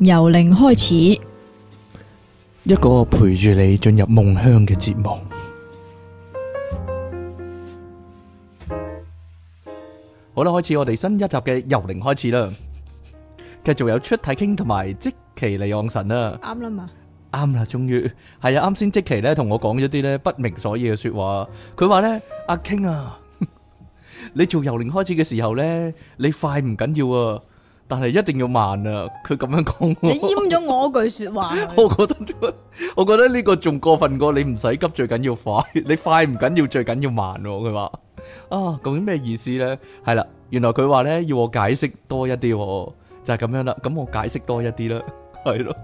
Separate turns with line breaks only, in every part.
由零開始，
一個陪住你進入夢鄉嘅節目。好啦，開始我哋新一集嘅由零開始啦。繼續有出體傾同埋即其利昂神啦、啊，啱啦嘛，啱啦，終於係啊，啱先即其咧同我講咗啲咧不明所以嘅說話，佢話咧阿傾啊， 你做由零開始嘅時候咧，你快唔緊要啊。但係一定要慢啊！佢咁樣講，你
閹咗我句說話。我覺得
點啊？我覺得呢個仲過分過。你唔使急，最緊要快。你快唔緊要，最緊要慢。佢話啊，究竟咩意思咧？係啦，原來佢話咧要我解釋多一啲，就係咁樣啦。咁我解釋多一啲啦，係咯。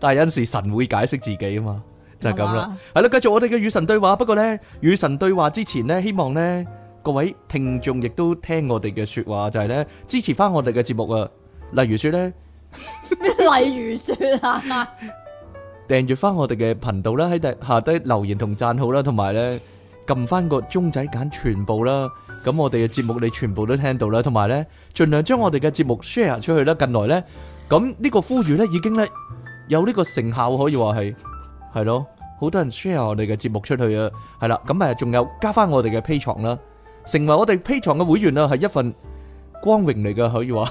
但係有時神會解釋自己啊嘛，就係咁啦。係啦，繼續我哋嘅與神對話。不過咧，與神對話之前咧，希望咧各位聽眾亦都聽我哋嘅說話，就係咧支持翻我哋嘅節目啊！例如說咧，
例如說啊，
訂閱翻我哋嘅頻道啦，喺第下低留言同讚好啦，同埋咧撳翻個鐘仔揀全部啦。咁我哋嘅節目你全部都聽到啦，同埋咧盡量將我哋嘅節目 share 出去啦。近來咧，咁呢個呼籲咧已經咧有呢個成效，可以話係係咯，好多人 share 我哋嘅節目出去啊。係啦，咁啊仲有加翻我哋嘅 Patreon 啦，成為我哋 Patreon 嘅會員啦，係一份。光榮嚟噶，可以話。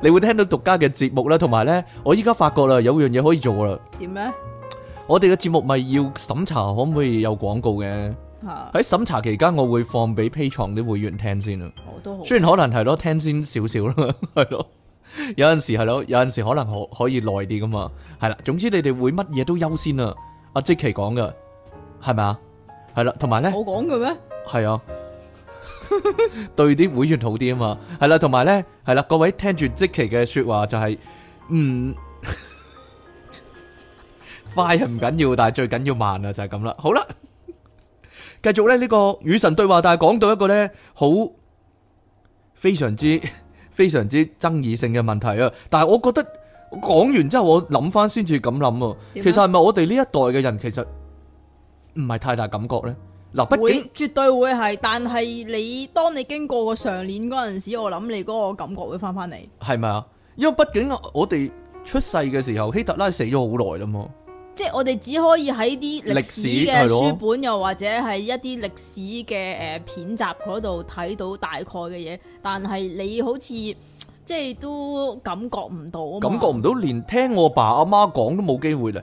你會聽到獨家嘅節目啦，同埋咧，我依家發覺啦，有樣嘢可以做啦。點咧？我哋嘅節目咪要審查，可唔可以有廣告嘅？喺審查期間，我會放俾 Patreon 啲會員聽先啊。我都好。雖然可能係咯，聽先少少啦，係咯。有陣時係咯，有陣時可能可可以耐啲噶嘛。係啦，總之你哋會乜嘢都優先啊。阿即奇講噶，係咪啊？係啦，同埋咧，我講嘅咩？係啊。 對啲會員好啲啊嘛，係啦，同埋咧，係啦，各位聽住即期嘅說話就係、是，嗯，快係唔緊要，但係最緊要慢啊，就係咁啦。好啦，繼續咧呢、這個與神對話，但係講到一個咧好非常之非常之爭議性嘅問題啊。但係我覺得講完之後，我諗翻先至咁諗喎。樣其實係咪我哋呢一代嘅人，其實唔係太大感覺咧？嗱，啊、畢竟
絕對會係，但係你當你經過個上年嗰陣時候，我諗你嗰個感覺會翻翻嚟，
係咪啊？因為畢竟我哋出世嘅時候，希特拉死咗好耐啦嘛，
即係我哋只可以喺啲歷史嘅書本，又或者係一啲歷史嘅誒、呃、片集嗰度睇到大概嘅嘢，但係你好似即係都感覺唔到，感覺唔
到，連聽我爸阿媽講都冇機會咧，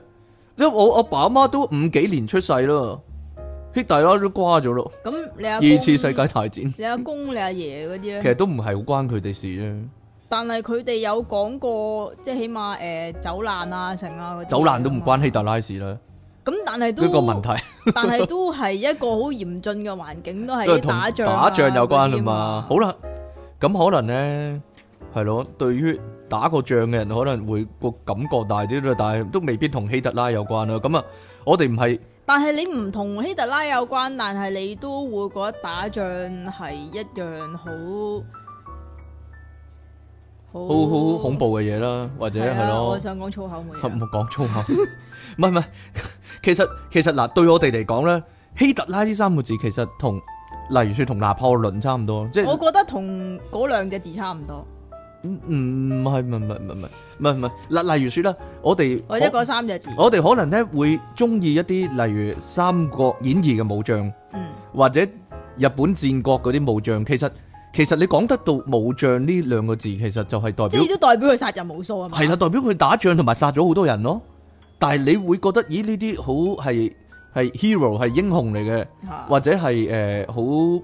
因為我阿爸阿媽都五幾年出世啦。希特拉都瓜咗咯，
咁你阿二次
世界大戰，你
阿公、你阿爺嗰啲咧，其實都
唔係好關佢哋事啫。
但係佢哋有講過，即係起碼誒，走難啊，成啊嗰啲。走難都唔
關希特拉事啦。
咁但係都一個問題，但係都係一個好嚴峻嘅環境，都係打仗打仗有關啦
嘛。好啦，咁可能咧係咯，對於打過仗嘅人，可能會個感覺大啲啦，但係都未必同希特拉有關啦。咁啊，我哋唔係。
但係你唔同希特拉有關，但係你都會覺得打仗係一樣好好好恐怖嘅嘢啦，或者係咯。啊啊、我想講粗口冇。唔好
講粗口，唔係唔係，其實其實嗱，對我哋嚟講咧，希特拉呢三個字其實同，例如說同拿破崙差唔多，即係。我
覺得同嗰兩隻字差唔多。
唔唔係唔係唔係唔係唔係唔係，例例如說啦，我哋或者三個
字，我哋
可能咧會中意一啲例如三國演義嘅武將，或者日本戰國嗰啲武將。其實其實你講得到武將呢兩個字，其實就係代表即
係都代表佢殺人無數啊嘛。係
啦，代表佢打仗同埋殺咗好多人咯。但係你會覺得，咦呢啲好係係 hero 係英雄嚟嘅，或者係誒好。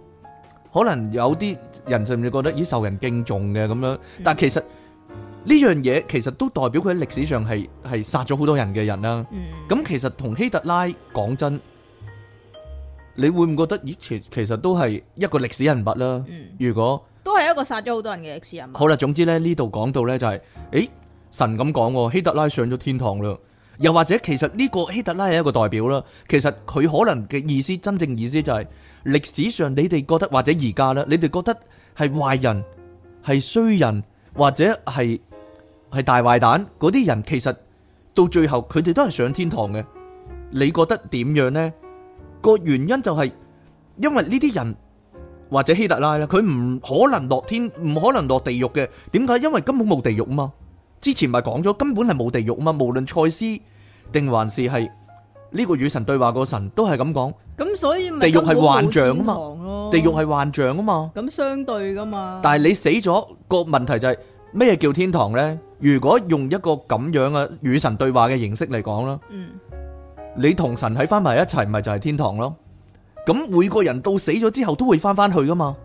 可能有啲人，甚至是覺得咦受人敬重嘅咁樣？但其實呢、嗯、樣嘢其實都代表佢喺歷史上係係殺咗好多人嘅人啦。咁、嗯、其實同希特拉講真，你會唔覺得以前其實都係一個歷史人物啦？如果
都係一個殺咗好多人嘅歷史人物。好啦，
總之咧呢度講到咧就係、是，誒、欸、神咁講，希特拉上咗天堂啦。又或者，其實呢個希特拉係一個代表啦。其實佢可能嘅意思，真正意思就係歷史上你哋覺得或者而家啦，你哋覺得係壞人、係衰人或者係係大壞蛋嗰啲人，其實到最後佢哋都係上天堂嘅。你覺得點樣呢？個原因就係因為呢啲人或者希特拉啦，佢唔可能落天，唔可能落地獄嘅。點解？因為根本冇地獄啊嘛。之前咪講咗，根本係冇地獄啊嘛，無論賽斯定還是係呢個與神對話個神都係咁講。
咁所以地獄係幻象啊嘛，
地獄係幻象啊嘛，
咁相對噶嘛。但係
你死咗個問題就係咩叫天堂呢？如果用一個咁樣嘅與神對話嘅形式嚟講啦，嗯，你同神喺翻埋一齊，咪就係天堂咯。咁每個人到死咗之後都會翻翻去噶嘛。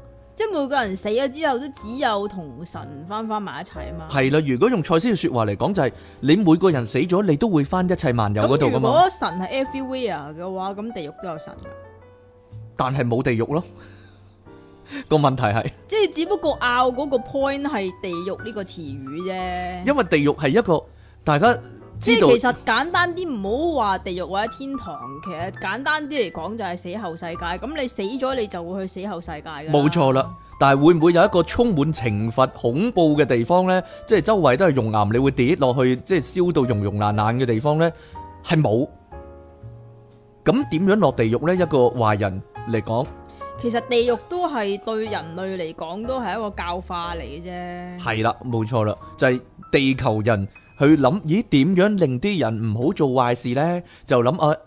即係每個人死咗之後都只有同神返返埋一齊啊嘛，
係啦。如果用賽斯嘅說話嚟講，就係、是、你每個人死咗，你都會返一切萬有嗰度噶嘛。如果
神係 everywhere 嘅話，咁地獄都有神。
但係冇地獄咯，個 問題係是，
即係只不過拗嗰個 point 係地獄呢個詞語啫。因
為地獄係一個大家。即係其實
簡單啲唔好話地獄或者天堂，其實簡單啲嚟講就係死後世界。咁你死咗你就會去死後世界噶啦。冇
錯啦，但係會唔會有一個充滿懲罰、恐怖嘅地方咧？即係周圍都係熔岩，你會跌落去，即係燒到熔熔爛爛嘅地方咧？係冇。咁點樣落地獄咧？一個壞人嚟講，
其實地獄都係對人類嚟講都係一個教化嚟嘅啫。係
啦，冇錯啦，就係地球人。佢諗咦？點樣令啲人唔好做壞事呢？就諗啊，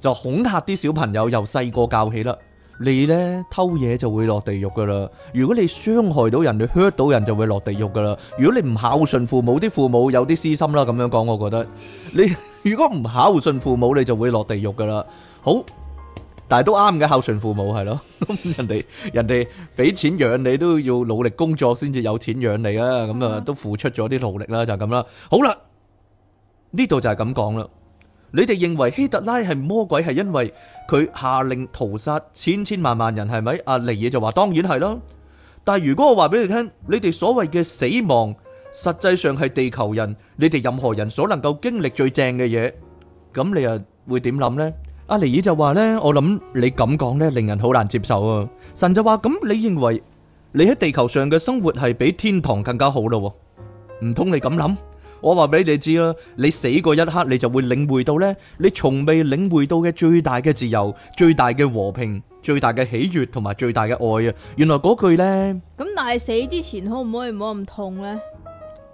就恐吓啲小朋友，由細個教起啦。你呢，偷嘢就會落地獄噶啦。如果你傷害到人，你 hurt 到人就會落地獄噶啦。如果你唔孝順父母，啲父母有啲私心啦，咁樣講，我覺得你如果唔孝順父母，你就會落地獄噶啦。好。但係都啱嘅，孝順父母係咯，人哋人哋俾錢養你都要努力工作先至有錢養你啊，咁啊都付出咗啲努力啦，就咁啦。好啦，呢度就係咁講啦。你哋認為希特拉係魔鬼，係因為佢下令屠殺千千萬萬人，係咪？阿尼爾就話當然係咯。但係如果我話俾你聽，你哋所謂嘅死亡，實際上係地球人，你哋任何人所能夠經歷最正嘅嘢，咁你又會點諗呢？阿尼爾就話呢，我諗你咁講呢，令人好難接受啊！神就話咁，你認為你喺地球上嘅生活係比天堂更加好咯啊？唔通你咁諗？我話俾你知啦，你死過一刻，你就會領會到呢，你從未領會到嘅最大嘅自由、最大嘅和平、最大嘅喜悅同埋最大嘅愛啊！原來嗰句呢，
咁但係死之前可唔可以唔好咁痛呢？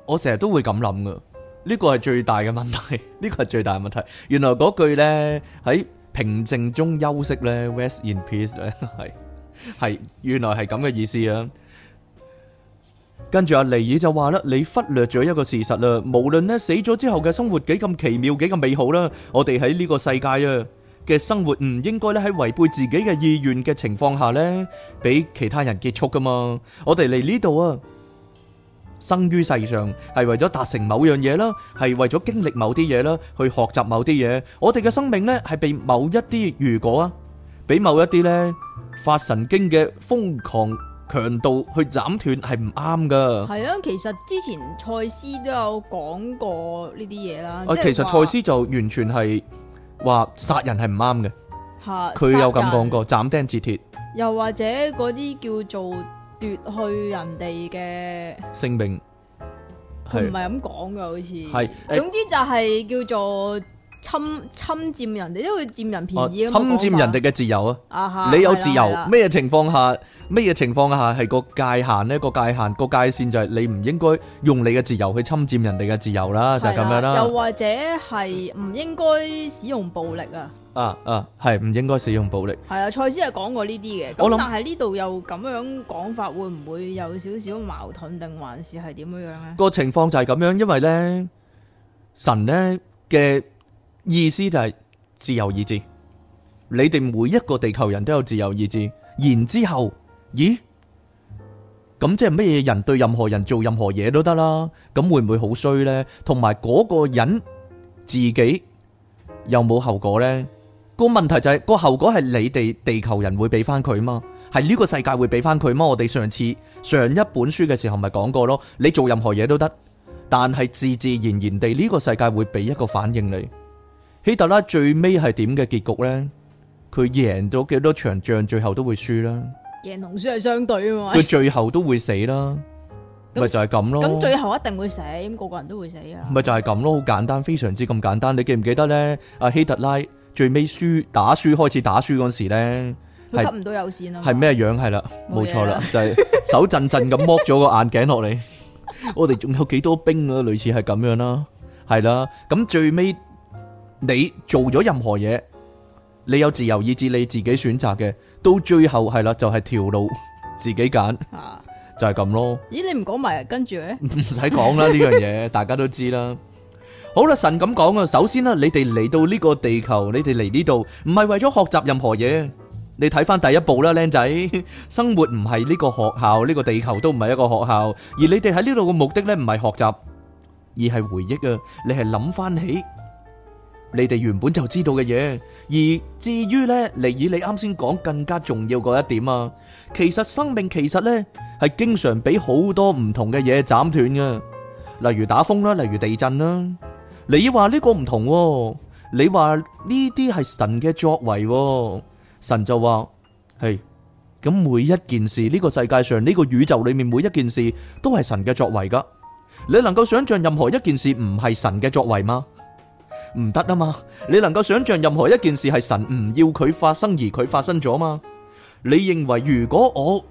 我成日都會咁諗噶，呢個係最大嘅問題，呢個係最大嘅問題。原來嗰句呢。喺。平靜中休息咧，Rest in peace 咧，係係，原來係咁嘅意思啊！跟住阿尼爾就話啦：，你忽略咗一個事實啦，無論咧死咗之後嘅生活幾咁奇妙，幾咁美好啦，我哋喺呢個世界啊嘅生活唔應該咧喺違背自己嘅意願嘅情況下咧，俾其他人結束噶嘛，我哋嚟呢度啊！生於世上係為咗達成某樣嘢啦，係為咗經歷某啲嘢啦，去學習某啲嘢。我哋嘅生命呢係被某一啲如果啊，俾某一啲呢發神經嘅瘋狂強度去斬斷，係唔啱噶。係
啊，其實之前蔡司都有講過呢啲嘢啦。啊，其實蔡司
就完全係話殺人係唔啱嘅。
嚇，佢有咁講過，
斬釘截鐵。
又或者嗰啲叫做。奪去人哋嘅
性命，唔係咁
講噶，好似係。是欸、總之就係叫做侵侵占人哋，因為占人便宜。啊、侵占人哋嘅
自由啊哈！你有自由，咩嘢情況下，咩嘢情況下係個界限呢？個界限個界線就係你唔應該用你嘅自由去侵占人哋嘅自由啦，就係、是、咁樣啦。又或
者係唔應該使用暴力啊。
啊啊，係唔應該使用暴力？
係啊，賽斯係講過呢啲嘅。咁但係呢度又咁樣講法，會唔會有少少矛盾，定還是係點樣樣呢？
個情況就係咁樣，因為呢神呢嘅意思就係自由意志。你哋每一個地球人都有自由意志，然之後，咦？咁即係咩嘢？人對任何人做任何嘢都得啦？咁會唔會好衰呢？同埋嗰個人自己有冇後果呢？個問題就係、是、個後果係你哋地球人會俾翻佢嘛，係呢個世界會俾翻佢嘛？我哋上次上一本書嘅時候咪講過咯。你做任何嘢都得，但係自自然然地呢，這個世界會俾一個反應你。希特拉最尾係點嘅結局呢？佢贏咗幾多場仗，最後都會輸啦。贏
同輸係相對啊嘛。佢
最後都會死啦，
咪 那就係咁咯。咁最後一定會死，咁，那個個人都
會死啊。咪就係咁咯，好簡單，非常之咁簡單。你記唔記得呢？阿希特拉。最尾輸打輸開始打輸嗰時咧，
係吸唔到有綫咯。係
咩樣係啦？冇錯啦，就係、是、手震震咁剝咗個眼鏡落嚟。 我哋仲有幾多少兵啊？類似係咁樣啦、啊，係啦。咁最尾你做咗任何嘢，你有自由意志你自己選擇嘅，到最後係啦，就係、是、條路自己揀。啊，就係、是、咁咯。
咦，你唔講埋，跟住咧唔使講啦，呢樣嘢
大家都知啦。好啦，神咁講啊，首先啦，你哋嚟到呢個地球，你哋嚟呢度唔係為咗學習任何嘢。你睇翻第一步啦，靚仔，生活唔係呢個學校，呢個地球都唔係一個學校，而你哋喺呢度嘅目的呢，唔係學習，而係回憶啊。你係諗翻起你哋原本就知道嘅嘢。而至於呢，嚟以你啱先講更加重要嗰一點啊，其實生命其實呢係經常俾好多唔同嘅嘢斬斷嘅，例如打風啦，例如地震啦。你話呢個唔同，你話呢啲係神嘅作為，神就話係咁每一件事，呢個世界上呢個宇宙裏面每一件事都係神嘅作為噶。你能夠想象任何一件事唔係神嘅作為嗎？唔得啊嘛！你能夠想象任何一件事係神唔要佢發生而佢發生咗嘛？你認為如果我？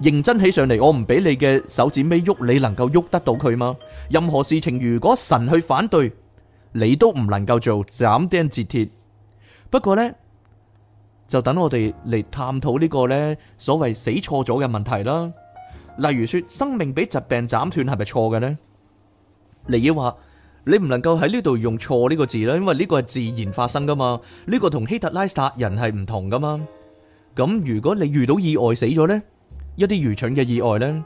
認真起上嚟，我唔俾你嘅手指尾喐，你能夠喐得到佢嗎？任何事情，如果神去反對，你都唔能夠做斬釘截鐵。不過呢，就等我哋嚟探討呢個呢所謂死錯咗嘅問題啦。例如說，生命俾疾病斬斷係咪錯嘅呢？你要話你唔能夠喺呢度用錯呢個字啦，因為呢個係自然發生噶嘛，呢個同希特拉殺人係唔同噶嘛。咁如果你遇到意外死咗呢？一啲愚蠢嘅意外咧，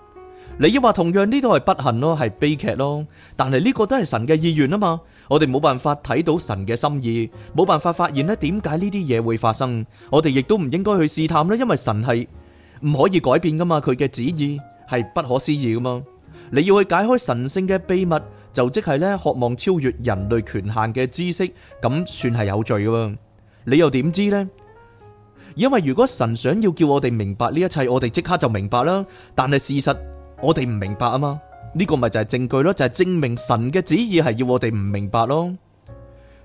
你要話同樣呢度係不幸咯，係悲劇咯，但係呢個都係神嘅意願啊嘛，我哋冇辦法睇到神嘅心意，冇辦法發現咧點解呢啲嘢會發生，我哋亦都唔應該去試探啦，因為神係唔可以改變噶嘛，佢嘅旨意係不可思議噶嘛，你要去解開神聖嘅秘密，就即係咧，渴望超越人類權限嘅知識，咁算係有罪噶，你又點知咧？因為如果神想要叫我哋明白呢一切，我哋即刻就明白啦。但係事實我哋唔明白啊嘛，呢個咪就係證據咯，就係證明神嘅旨意係要我哋唔明白咯。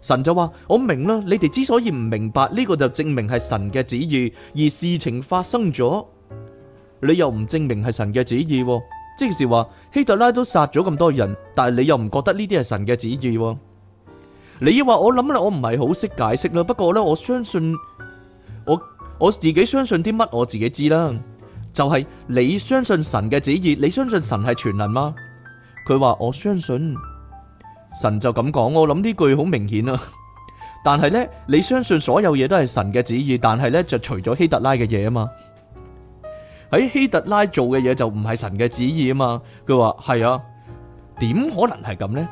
神就話我明啦，你哋之所以唔明白呢個，就證明係神嘅旨意。而事情發生咗，你又唔證明係神嘅旨意。即是話希特拉都殺咗咁多人，但係你又唔覺得呢啲係神嘅旨意？你要話我諗啦，我唔係好識解釋啦。不過呢，我相信我。我自己相信啲乜，我自己知啦。就係你相信神嘅旨意，你相信神係全能嗎？佢話我相信神，就咁講，我諗呢句好明顯啊。但係呢，你相信所有嘢都係神嘅旨意，但係呢，就除咗希特拉嘅嘢啊嘛。喺希特拉做嘅嘢就唔係神嘅旨意啊嘛。佢話係啊，點可能係咁呢？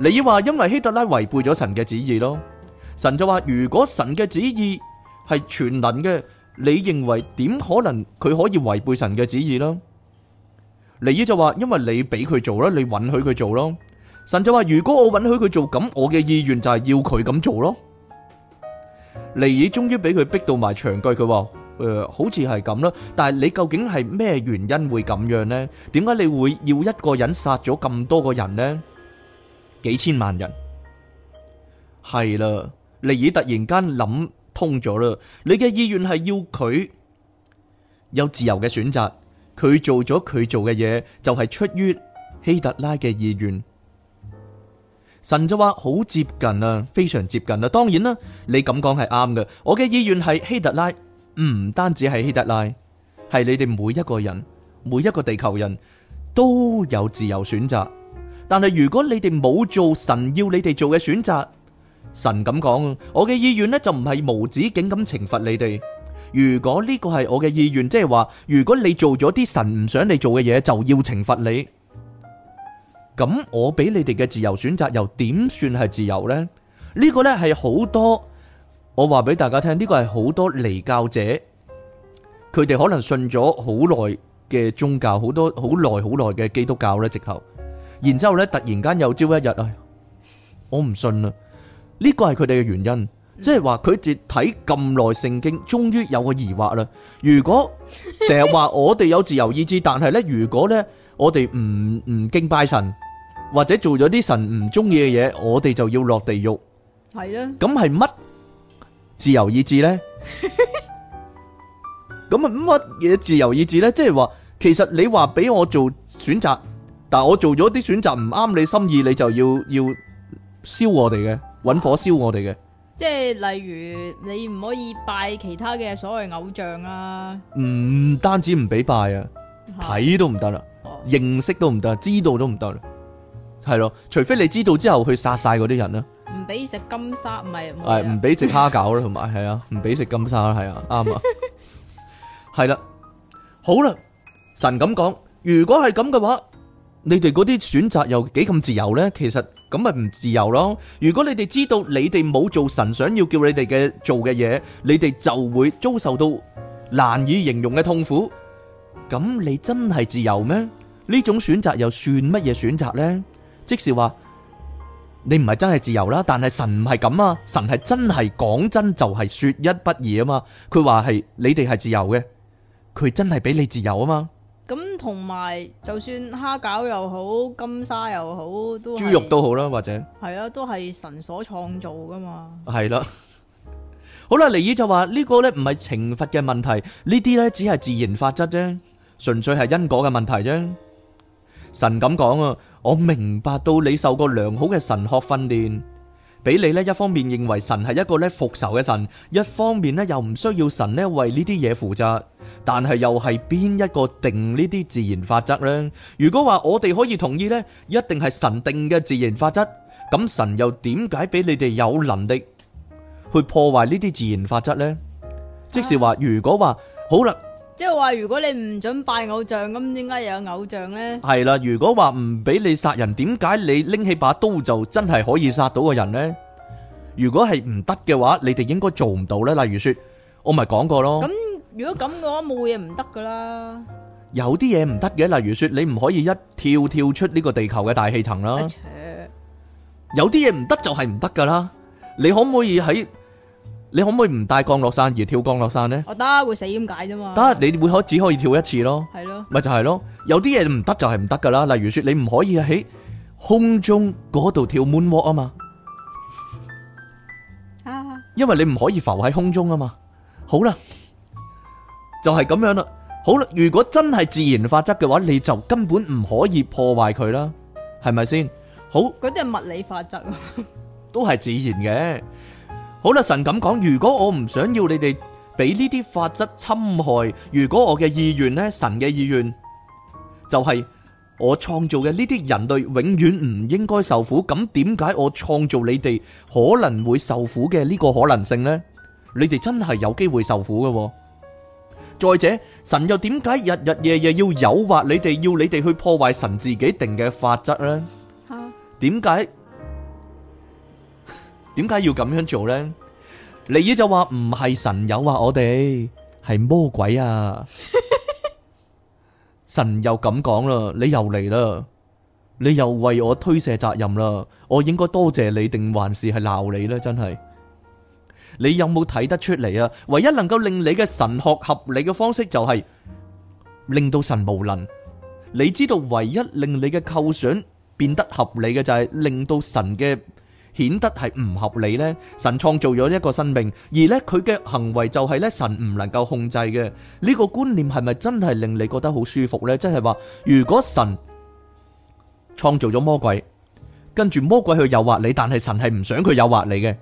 你話因為希特拉違背咗神嘅旨意咯，神就話如果神嘅旨意。係全能嘅，你認為點可能佢可以違背神嘅旨意啦？尼爾就話：因為你俾佢做啦，你允許佢做咯。神就話：如果我允許佢做，咁我嘅意願就係要佢咁做咯。尼爾終於俾佢逼到埋牆角，佢話：誒,好似係咁啦。但係你究竟係咩原因會咁樣呢？點解你會要一個人殺咗咁多個人呢？幾千萬人係啦，尼爾突然間諗。通咗啦！你嘅意願係要佢有自由嘅選擇，佢做咗佢做嘅嘢就係出於希特拉嘅意願。神就話好接近啊，非常接近啊！當然啦，你咁講係啱嘅。我嘅意願係希特拉，唔單止係希特拉，係你哋每一個人、每一個地球人都有自由選擇。但係如果你哋冇做神要你哋做嘅選擇。神咁講，我嘅意願呢就唔係無止境咁懲罰你哋。如果呢個係我嘅意願，即係話，如果你做咗啲神唔想你做嘅嘢，就要懲罰你。咁我俾你哋嘅自由選擇，又點算係自由呢？呢個呢係好多，我話俾大家聽，呢個係好多離教者，佢哋可能信咗好耐嘅宗教，好多好耐好耐嘅基督教呢，直頭，然之後呢突然間有朝一日啊，我唔信啦。呢個係佢哋嘅原因，即係話佢哋睇咁耐聖經，終於有個疑惑啦。如果成日話我哋有自由意志，但係咧，如果咧我哋唔唔敬拜神，或者做咗啲神唔中意嘅嘢，我哋就要落地獄。
係啦，
咁係乜自由意志咧？咁啊乜嘢自由意志咧？即係話，其實你話俾我做選擇，但係我做咗啲選擇唔啱你心意，你就要要燒我哋嘅。搵火燒我哋嘅，
即係例如你唔可以拜其他嘅所謂偶像啊，
唔、嗯、單止唔俾拜啊，睇、啊、都唔得啦，啊、認識都唔得，知道都唔得、啊，係咯、啊，除非你知道之後去殺晒嗰啲人啊。
唔俾食金沙唔係，係
唔俾食蝦餃啦，同埋係啊，唔俾食金沙係啊，啱啊，係啦、啊 啊，好啦，神咁講，如果係咁嘅話，你哋嗰啲選擇又幾咁自由咧？其實。咁咪唔自由咯？如果你哋知道你哋冇做神想要叫你哋嘅做嘅嘢，你哋就會遭受到難以形容嘅痛苦。咁你真係自由咩？呢種選擇又算乜嘢選擇呢？即是話你唔係真係自由啦，但係神唔係咁啊，神係真係講真就係說一不二啊嘛。佢話係你哋係自由嘅，佢真係俾你自由啊嘛。
咁同埋，就算蝦餃又好，金沙又好，都豬肉都好啦，或者係啊，都係神所創造噶嘛。
係啦，好啦，尼爾就話呢個呢唔係懲罰嘅問題，呢啲呢只係自然法則啫，純粹係因果嘅問題啫。神咁講啊，我明白到你受過良好嘅神學訓練。俾你咧，一方面認為神係一個咧復仇嘅神，一方面咧又唔需要神咧為呢啲嘢負責。但係又係邊一個定呢啲自然法則呢？如果話我哋可以同意呢，一定係神定嘅自然法則。咁神又點解俾你哋有能力去破壞呢啲自然法則呢？啊、即是話，如果話好啦。
即係話，如果你唔准拜偶像，咁點解又有偶像呢？
係啦，如果話唔俾你殺人，點解你拎起把刀就真係可以殺到個人呢？如果係唔得嘅話，你哋應該做唔到呢。例如說，我咪講過咯。咁
如果咁嘅話，冇嘢唔得噶啦。
有啲嘢唔得嘅，例如說你唔可以一跳跳出呢個地球嘅大氣層啦。有啲嘢唔得就係唔得噶啦。你可唔可以喺？你可唔可以唔帶降落傘而跳降落傘呢？
我得會死咁解啫嘛。
得，你會可只可以跳一次咯。係咯。咪就係咯，有啲嘢唔得就係唔得噶啦。例如說，你唔可以喺空中嗰度跳 Moonwalk 啊嘛。啊。因為你唔可以浮喺空中啊嘛。好啦，就係咁樣啦。好啦，如果真係自然法則嘅話，你就根本唔可以破壞佢啦。係咪先？好。
嗰啲係物理法則啊。
都係自然嘅。好啦，神咁講，如果我唔想要你哋俾呢啲法則侵害，如果我嘅意願呢，神嘅意願就係我創造嘅呢啲人類永遠唔應該受苦，咁點解我創造你哋可能會受苦嘅呢個可能性呢？你哋真係有機會受苦噶。再者，神又點解日日夜夜要誘惑你哋，要你哋去破壞神自己定嘅法則呢？點解？點解要咁樣做呢？你就話唔係神有話我哋係魔鬼啊！神又咁講啦，你又嚟啦，你又為我推卸責任啦！我應該多謝你定還是係鬧你呢？真係，你有冇睇得出嚟啊？唯一能夠令你嘅神學合理嘅方式就係令到神無能。你知道唯一令你嘅構想變得合理嘅就係令到神嘅。顯得係唔合理呢。神創造咗一個生命，而呢，佢嘅行為就係呢神唔能夠控制嘅，呢個觀念係咪真係令你覺得好舒服呢？即係話如果神創造咗魔鬼，跟住魔鬼去誘惑你，但係神係唔想佢誘惑你嘅，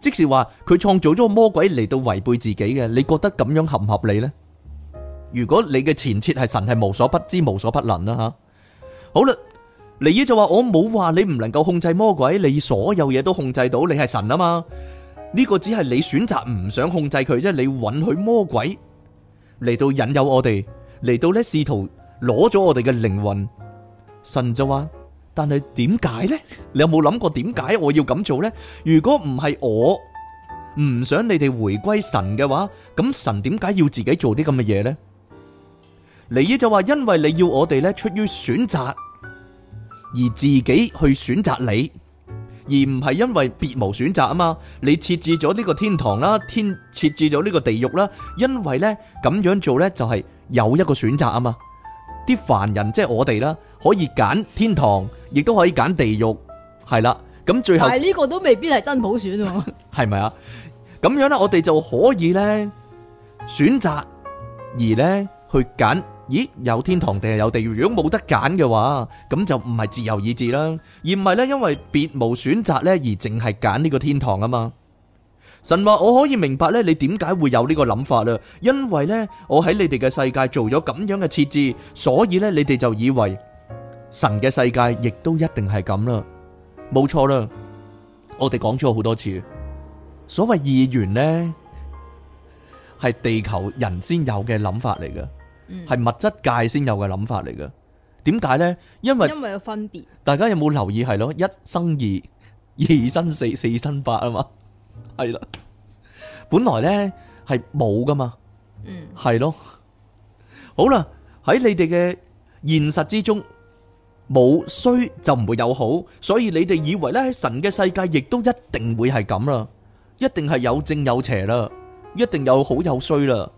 即是話佢創造咗魔鬼嚟到違背自己嘅，你覺得咁樣合唔合理呢？如果你嘅前設係神係無所不知、無所不能啦吓，好啦。尼爾就話：我冇話你唔能夠控制魔鬼，你所有嘢都控制到，你係神啊嘛。呢個只係你選擇唔想控制佢，即係，你允許魔鬼嚟到引誘我哋，嚟到呢試圖攞咗我哋嘅靈魂。神就話：但係點解呢？你有冇諗過點解我要咁做呢？如果唔係我唔想你哋回歸神嘅話，咁神點解要自己做啲咁嘅嘢呢？」尼爾就話：因為你要我哋呢出於選擇。而自己去選擇你，而唔係因為別無選擇啊嘛。你設置咗呢個天堂啦，天設置咗呢個地獄啦，因為呢，咁樣做呢，就係有一個選擇啊嘛。啲凡人即係、就是、我哋啦，可以揀天堂，亦都可以揀地獄，係啦。咁最後，但係
呢個都未必係真普選，
係咪啊？咁、 啊、樣呢，我哋就可以呢，選擇而呢，去揀。咦，有天堂定係有地獄？如果冇得揀嘅話，咁就唔係自由意志啦，而唔係咧，因為別無選擇咧，而淨係揀呢個天堂啊嘛。神話我可以明白咧，你點解會有呢個諗法啦？因為咧，我喺你哋嘅世界做咗咁樣嘅設置，所以咧，你哋就以為神嘅世界亦都一定係咁啦，冇錯啦。我哋講咗好多次，所謂意願咧，係地球人先有嘅諗法嚟嘅。係物質界先有嘅諗法嚟嘅，點解呢？因為因
為有分別。
大家有冇留意係咯？一生二，二生四，四生八啊嘛，係啦。本來呢係冇噶嘛，係咯。好啦，喺你哋嘅現實之中，冇衰就唔會有好，所以你哋以為呢喺神嘅世界亦都一定會係咁啦，一定係有正有邪啦，一定有好有衰啦。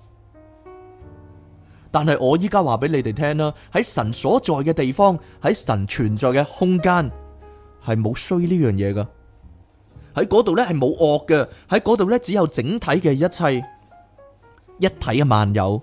但係我依家話俾你哋聽啦，喺神所在嘅地方，喺神存在嘅空間，係冇衰呢樣嘢噶。喺嗰度呢，係冇惡嘅，喺嗰度呢，只有整體嘅一切一體嘅萬有，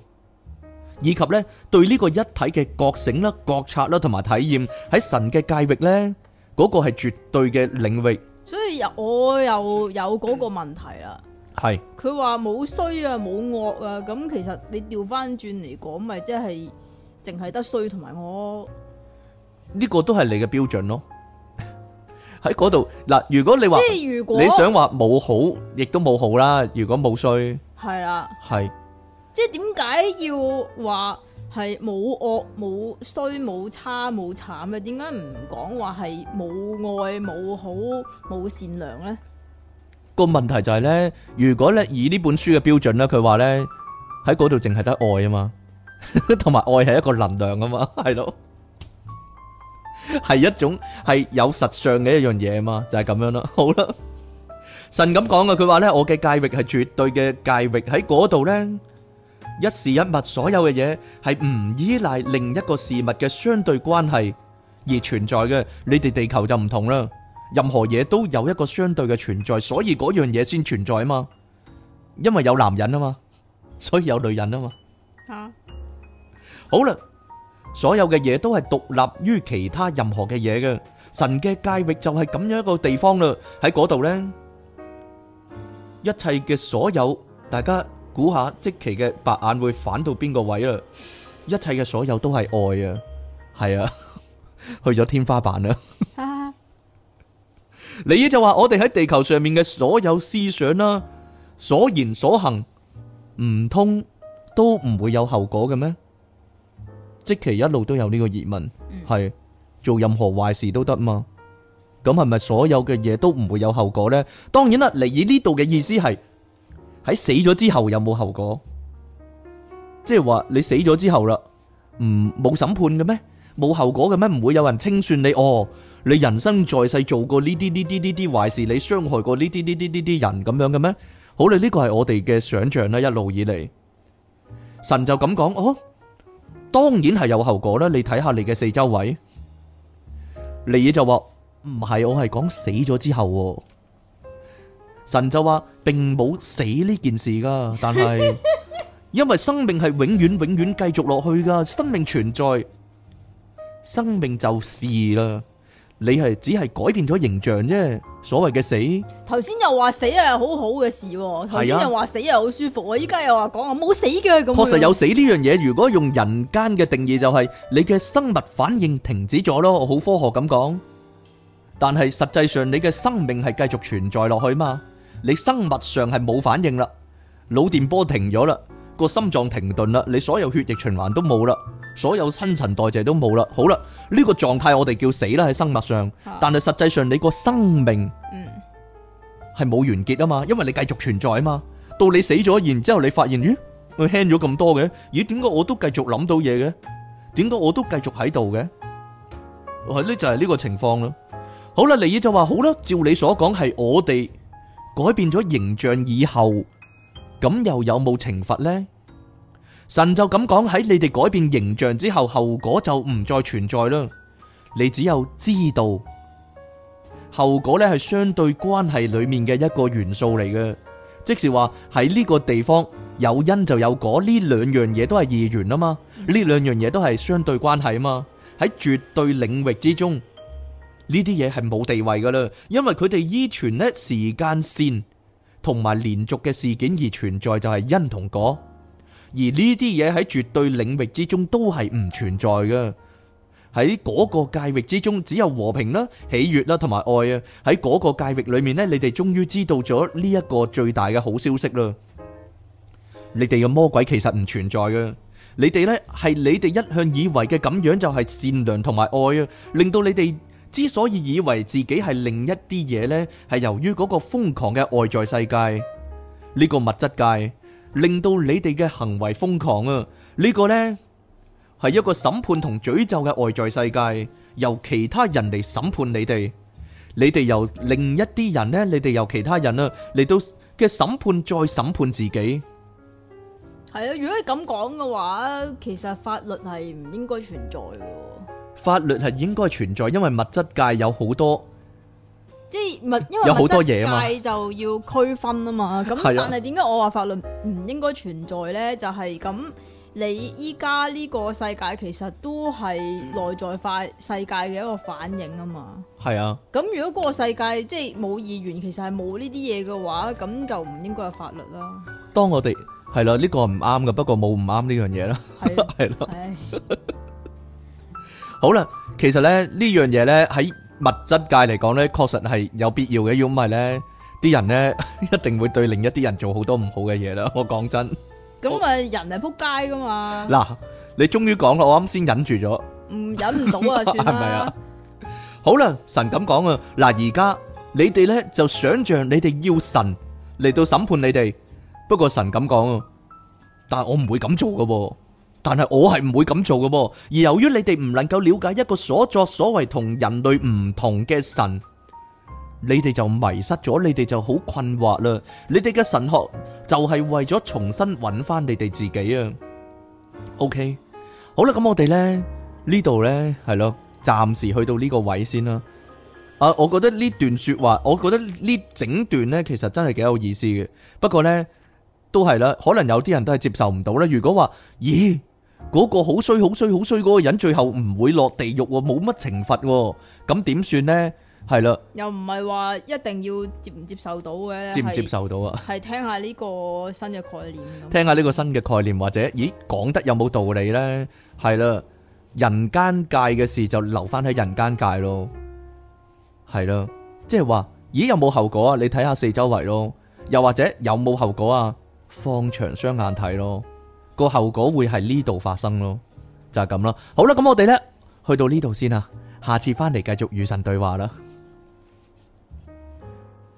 以及呢對呢個一體嘅覺醒啦、覺察啦同埋體驗，喺神嘅界域呢，嗰、嗰個係絕對嘅領域。
所以我又有嗰個問題啦。係佢話冇衰啊，冇惡啊，咁其實你調翻轉嚟講，咪即係淨係得衰同埋我
呢個都係你嘅標準咯。喺嗰度嗱，如果你話即係如果你想話冇好，亦都冇好啦。如果冇衰，
係啦、啊，係是即係點解要話係冇惡、冇衰、冇差、冇慘嘅？點解唔講話係冇愛、冇好、冇善良咧？
個問題就係咧，如果咧以呢本書嘅標準咧，佢話咧喺嗰度淨係得愛啊嘛，同埋愛係一個能量啊嘛，係咯，係一種係有實相嘅一樣嘢啊嘛，就係咁樣啦。好啦，神咁講嘅，佢話咧我嘅界域係絕對嘅界域，喺嗰度咧，一事一物所有嘅嘢係唔依賴另一個事物嘅相對關係而存在嘅，你哋地球就唔同啦。任何嘢都有一個相對嘅存在，所以嗰樣嘢先存在啊嘛。因為有男人啊嘛，所以有女人啊嘛。啊，好啦，所有嘅嘢都係獨立於其他任何嘅嘢嘅。神嘅界域就係咁樣一個地方啦。喺嗰度呢，一切嘅所有，大家估下，積奇嘅白眼會反到邊個位啊？一切嘅所有都係愛啊，係啊，去咗天花板啦。你尼爾就話我哋喺地球上面嘅所有思想啦，啊，所言所行唔通都唔會有後果嘅咩？即其一路都有呢個疑問，係做任何壞事都得嘛？咁係咪所有嘅嘢都唔會有後果咧？當然啦，尼爾呢度嘅意思係喺死咗之後有冇後果？即係話你死咗之後啦，唔冇審判嘅咩？冇後果嘅咩？唔會有人清算你哦？你人生在世做過呢啲呢啲呢啲壞事，你傷害過呢啲呢啲呢啲人咁樣嘅咩？好，你呢個係我哋嘅想象啦，一路以嚟，神就咁講哦。當然係有後果啦。你睇下你嘅四周圍，尼爾就話唔係，我係講死咗之後。神就話並冇死呢件事噶，但係因為生命係永遠永遠繼續落去噶，生命存在。生命就是啦，你係只係改變咗形象啫。所謂嘅死，
頭先又話死啊，好好嘅事。頭先又話死啊，好舒服啊，依家的又話講我冇死嘅咁。確實有死
呢樣嘢，如果用人間嘅定義，就係你嘅生物反應停止咗咯。我好科學咁講，但係實際上你嘅生命係繼續存在落去嘛？你生物上係冇反應啦，腦電波停咗啦。個心臟停頓啦，你所有血液循環都冇啦，所有新陳代謝都冇啦，好啦，呢個狀態我哋叫死啦喺生物上，但係實際上你個生命係冇完結啊嘛，因為你繼續存在啊嘛，到你死咗然之後，你發現咦，我輕咗咁多嘅，咦，點解我都繼續諗到嘢嘅？點解我都繼續喺度嘅？係呢就係呢個情況啦。好啦，尼爾就話好啦，照你所講係我哋改變咗形象以後。咁又有冇懲罰呢？神就咁講，喺你哋改變形象之後，後果就唔再存在啦。你只有知道後果咧，係相對關係裏面嘅一個元素嚟嘅，即是話喺呢個地方有因就有果，呢兩樣嘢都係二元啊嘛，呢兩樣嘢都係相對關係啊嘛。喺絕對領域之中，呢啲嘢係冇地位噶啦，因為佢哋依存呢時間線。同埋連續嘅事件而存在，就係因同果，而呢啲嘢喺絕對領域之中都係唔存在嘅。喺嗰個界域之中，只有和平啦、喜悅啦同埋愛啊。喺嗰個界域裏面呢，你哋終於知道咗呢一個最大嘅好消息啦。你哋嘅魔鬼其實唔存在嘅，你哋呢係你哋一向以為嘅咁樣就係善良同埋愛啊，令到你哋。之所以以為自己係另一啲嘢呢係由於嗰個瘋狂嘅外在世界，呢個物質界令到你哋嘅行為瘋狂啊！呢個呢，係一個審判同詛咒嘅外在世界，由其他人嚟審判你哋，你哋由另一啲人呢，你哋由其他人啊嚟到嘅審判再審判自己。
係啊，如果咁講嘅話，其實法律係唔應該存在嘅。
法律係應該存在，因為物質界有好多，
即係物，因為有好多嘢啊嘛，就要區分啊嘛。咁但係點解我話法律唔應該存在呢？就係咁，你依家呢個世界其實都係內在化世界嘅一個反應啊嘛。係啊。咁如果嗰個世界即係冇議員，其實係冇呢啲嘢嘅話，咁就唔應該有法律啦。
當我哋係啦，呢個唔啱嘅，不過冇唔啱呢樣嘢啦，係咯。好啦，其實咧呢樣嘢咧喺物質界嚟講咧，確實係有必要嘅，要唔係咧，啲人咧一定會對另一啲人做好多唔好嘅嘢啦。我講真，
咁啊人係撲街噶嘛。嗱，
你終於講啦，我啱先忍住咗，唔
忍唔到啊算啦。係咪啊？
好啦，神咁講啊，嗱，而家你哋咧就想象你哋要神嚟到審判你哋，不過神咁講啊，但係我唔會咁做噶噃。但係我係唔會咁做嘅，而由於你哋唔能夠了解一個所作所為同人類唔同嘅神，你哋就迷失咗，你哋就好困惑啦。你哋嘅神學就係為咗重新揾翻你哋自己啊。OK，好啦，咁我哋呢呢度呢係咯，暫時去到呢個位先啦。啊，我覺得呢段說話，我覺得呢整段呢其實真係幾有意思嘅。不過呢都係啦，可能有啲人都係接受唔到啦。如果話，咦？嗰個好衰好衰好衰嗰個人，最後唔會落地獄喎，冇乜懲罰喎，咁點算呢？係啦，
又唔係話一定要接唔接受到嘅，接唔接受到啊？係聽下呢個新嘅概念，聽
下呢個新嘅概念或者，咦，講得有冇道理呢？係啦，人間界嘅事就留翻喺人間界咯，係啦，即係話，咦，有冇後果啊？你睇下四周圍咯，又或者有冇後果啊？放長雙眼睇咯。個後果會係呢度發生咯，就係咁咯。好啦，咁我哋咧去到呢度先啦，下次翻嚟繼續與神對話啦。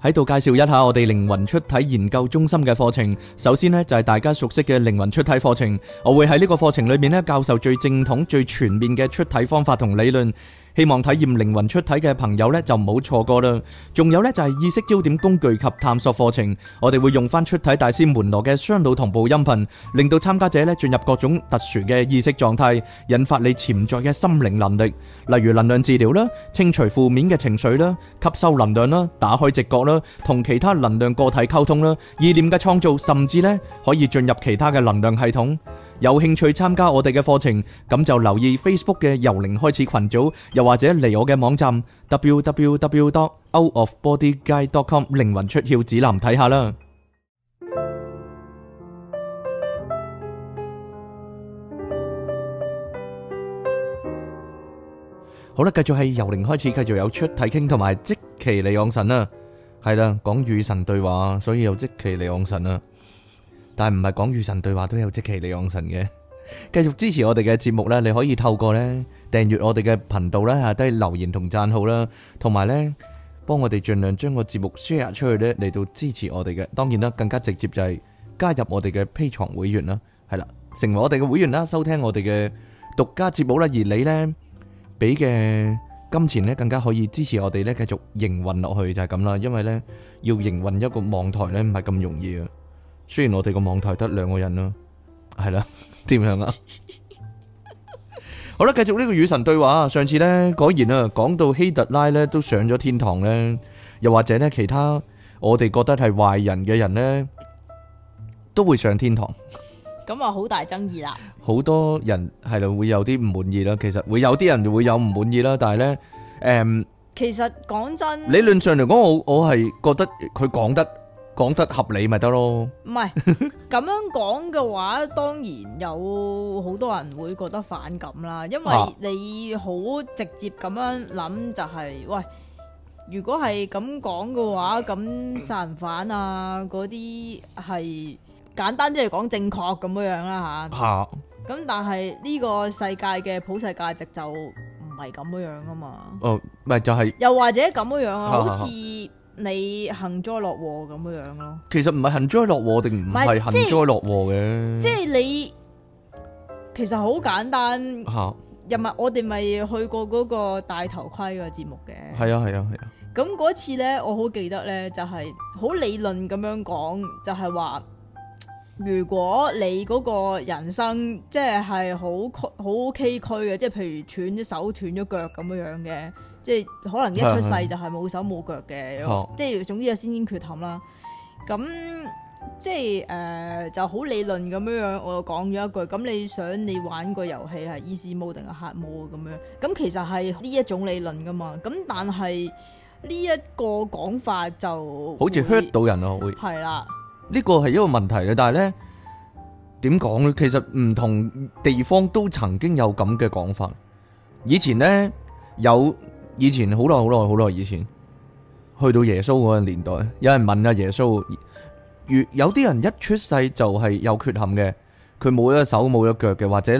喺度介紹一下我哋靈魂出體研究中心嘅課程。首先呢，就係大家熟悉嘅靈魂出體課程，我會喺呢個課程裏面呢教授最正統、最全面嘅出體方法同理論。希望體驗靈魂出體嘅朋友咧就唔好錯過啦！仲有咧就係意識焦點工具及探索課程，我哋會用翻出體大師門羅嘅雙腦同步音頻，令到參加者咧進入各種特殊嘅意識狀態，引發你潛在嘅心靈能力，例如能量治療啦、清除負面嘅情緒啦、吸收能量啦、打開直覺啦、同其他能量個體溝通啦、意念嘅創造，甚至咧可以進入其他嘅能量系統。有興趣參加我哋嘅課程，咁就留意 Facebook 嘅由零開始群組，又或者嚟我嘅網站 w w w dot out of body guide dot com 靈魂出竅指南睇下啦。 好啦，繼續係由零開始，繼續有出體傾，同埋即期嚟往神啦。係啦，講與神對話，所以又即期嚟往神啦。但係唔係講與神對話都有即其利用神嘅。繼續支持我哋嘅節目呢，你可以透過呢訂閱我哋嘅頻道啦，下低留言同讚好啦，同埋呢幫我哋盡量將個節目 share 出去呢嚟到支持我哋嘅。當然啦，更加直接就係加入我哋嘅 Patreon 會員啦，係啦，成為我哋嘅會員啦，收聽我哋嘅獨家節目啦，而你呢，俾嘅金錢呢更加可以支持我哋呢繼續營運落去，就係咁啦。因為呢，要營運一個網台呢唔係咁容易啊。雖然我哋個網台得兩個人咯，係啦，點樣啊？好啦，繼續呢個與神對話。上次呢，果然啊，講到希特拉呢都上咗天堂呢，又或者呢其他我哋覺得係壞人嘅人呢，都會上天堂。
咁啊，好大爭議啦！
好多人係咯，會有啲唔滿意啦。其實會有啲人會有唔滿意啦，但係呢，誒，
其實講真，理
論上嚟講，我我係覺得佢講得講得合理咪得咯。
唔係咁樣講嘅話，當然有好多人會覺得反感啦，因為你好直接咁樣諗就係喂，如果係咁講嘅話，咁殺人犯啊嗰啲係簡單啲嚟講正確咁樣樣啦吓，咁但係呢個世界嘅普世價值就唔係咁樣啊嘛，哦，唔係就係又或者咁樣啊，好似。你幸災樂禍咁樣樣咯，
其實唔係幸災樂禍定唔係幸災樂禍嘅，即係
你其實好簡單嚇，又咪、啊、我哋咪去過嗰個戴頭盔嘅節目嘅，係啊係啊係啊，咁嗰、啊啊、次咧我好記得咧，就係、是、好理論咁樣講，就係、是、話如果你嗰個人生即係係好好崎嶇嘅，即係譬如斷咗手斷咗腳咁樣樣嘅。即係可能一出世就係冇手冇腳嘅，即係總之有先天缺陷啦。咁即係誒就好理論咁樣樣。我講咗一句咁，你想你玩個遊戲係 Easy mode 定係 Hard mode 咁樣咁，其實係呢一種理論噶嘛。咁但係呢一個講法就好似
hurt 到人咯，會係啦呢個係一個問題嘅。但係咧點講咧？其實唔同地方都曾經有咁嘅講法。以前咧有。以前好耐好耐好耐以前，去到耶穌嗰個年代，有人問阿耶穌，如有啲人一出世就係有缺陷嘅，佢冇咗手冇咗腳嘅，或者、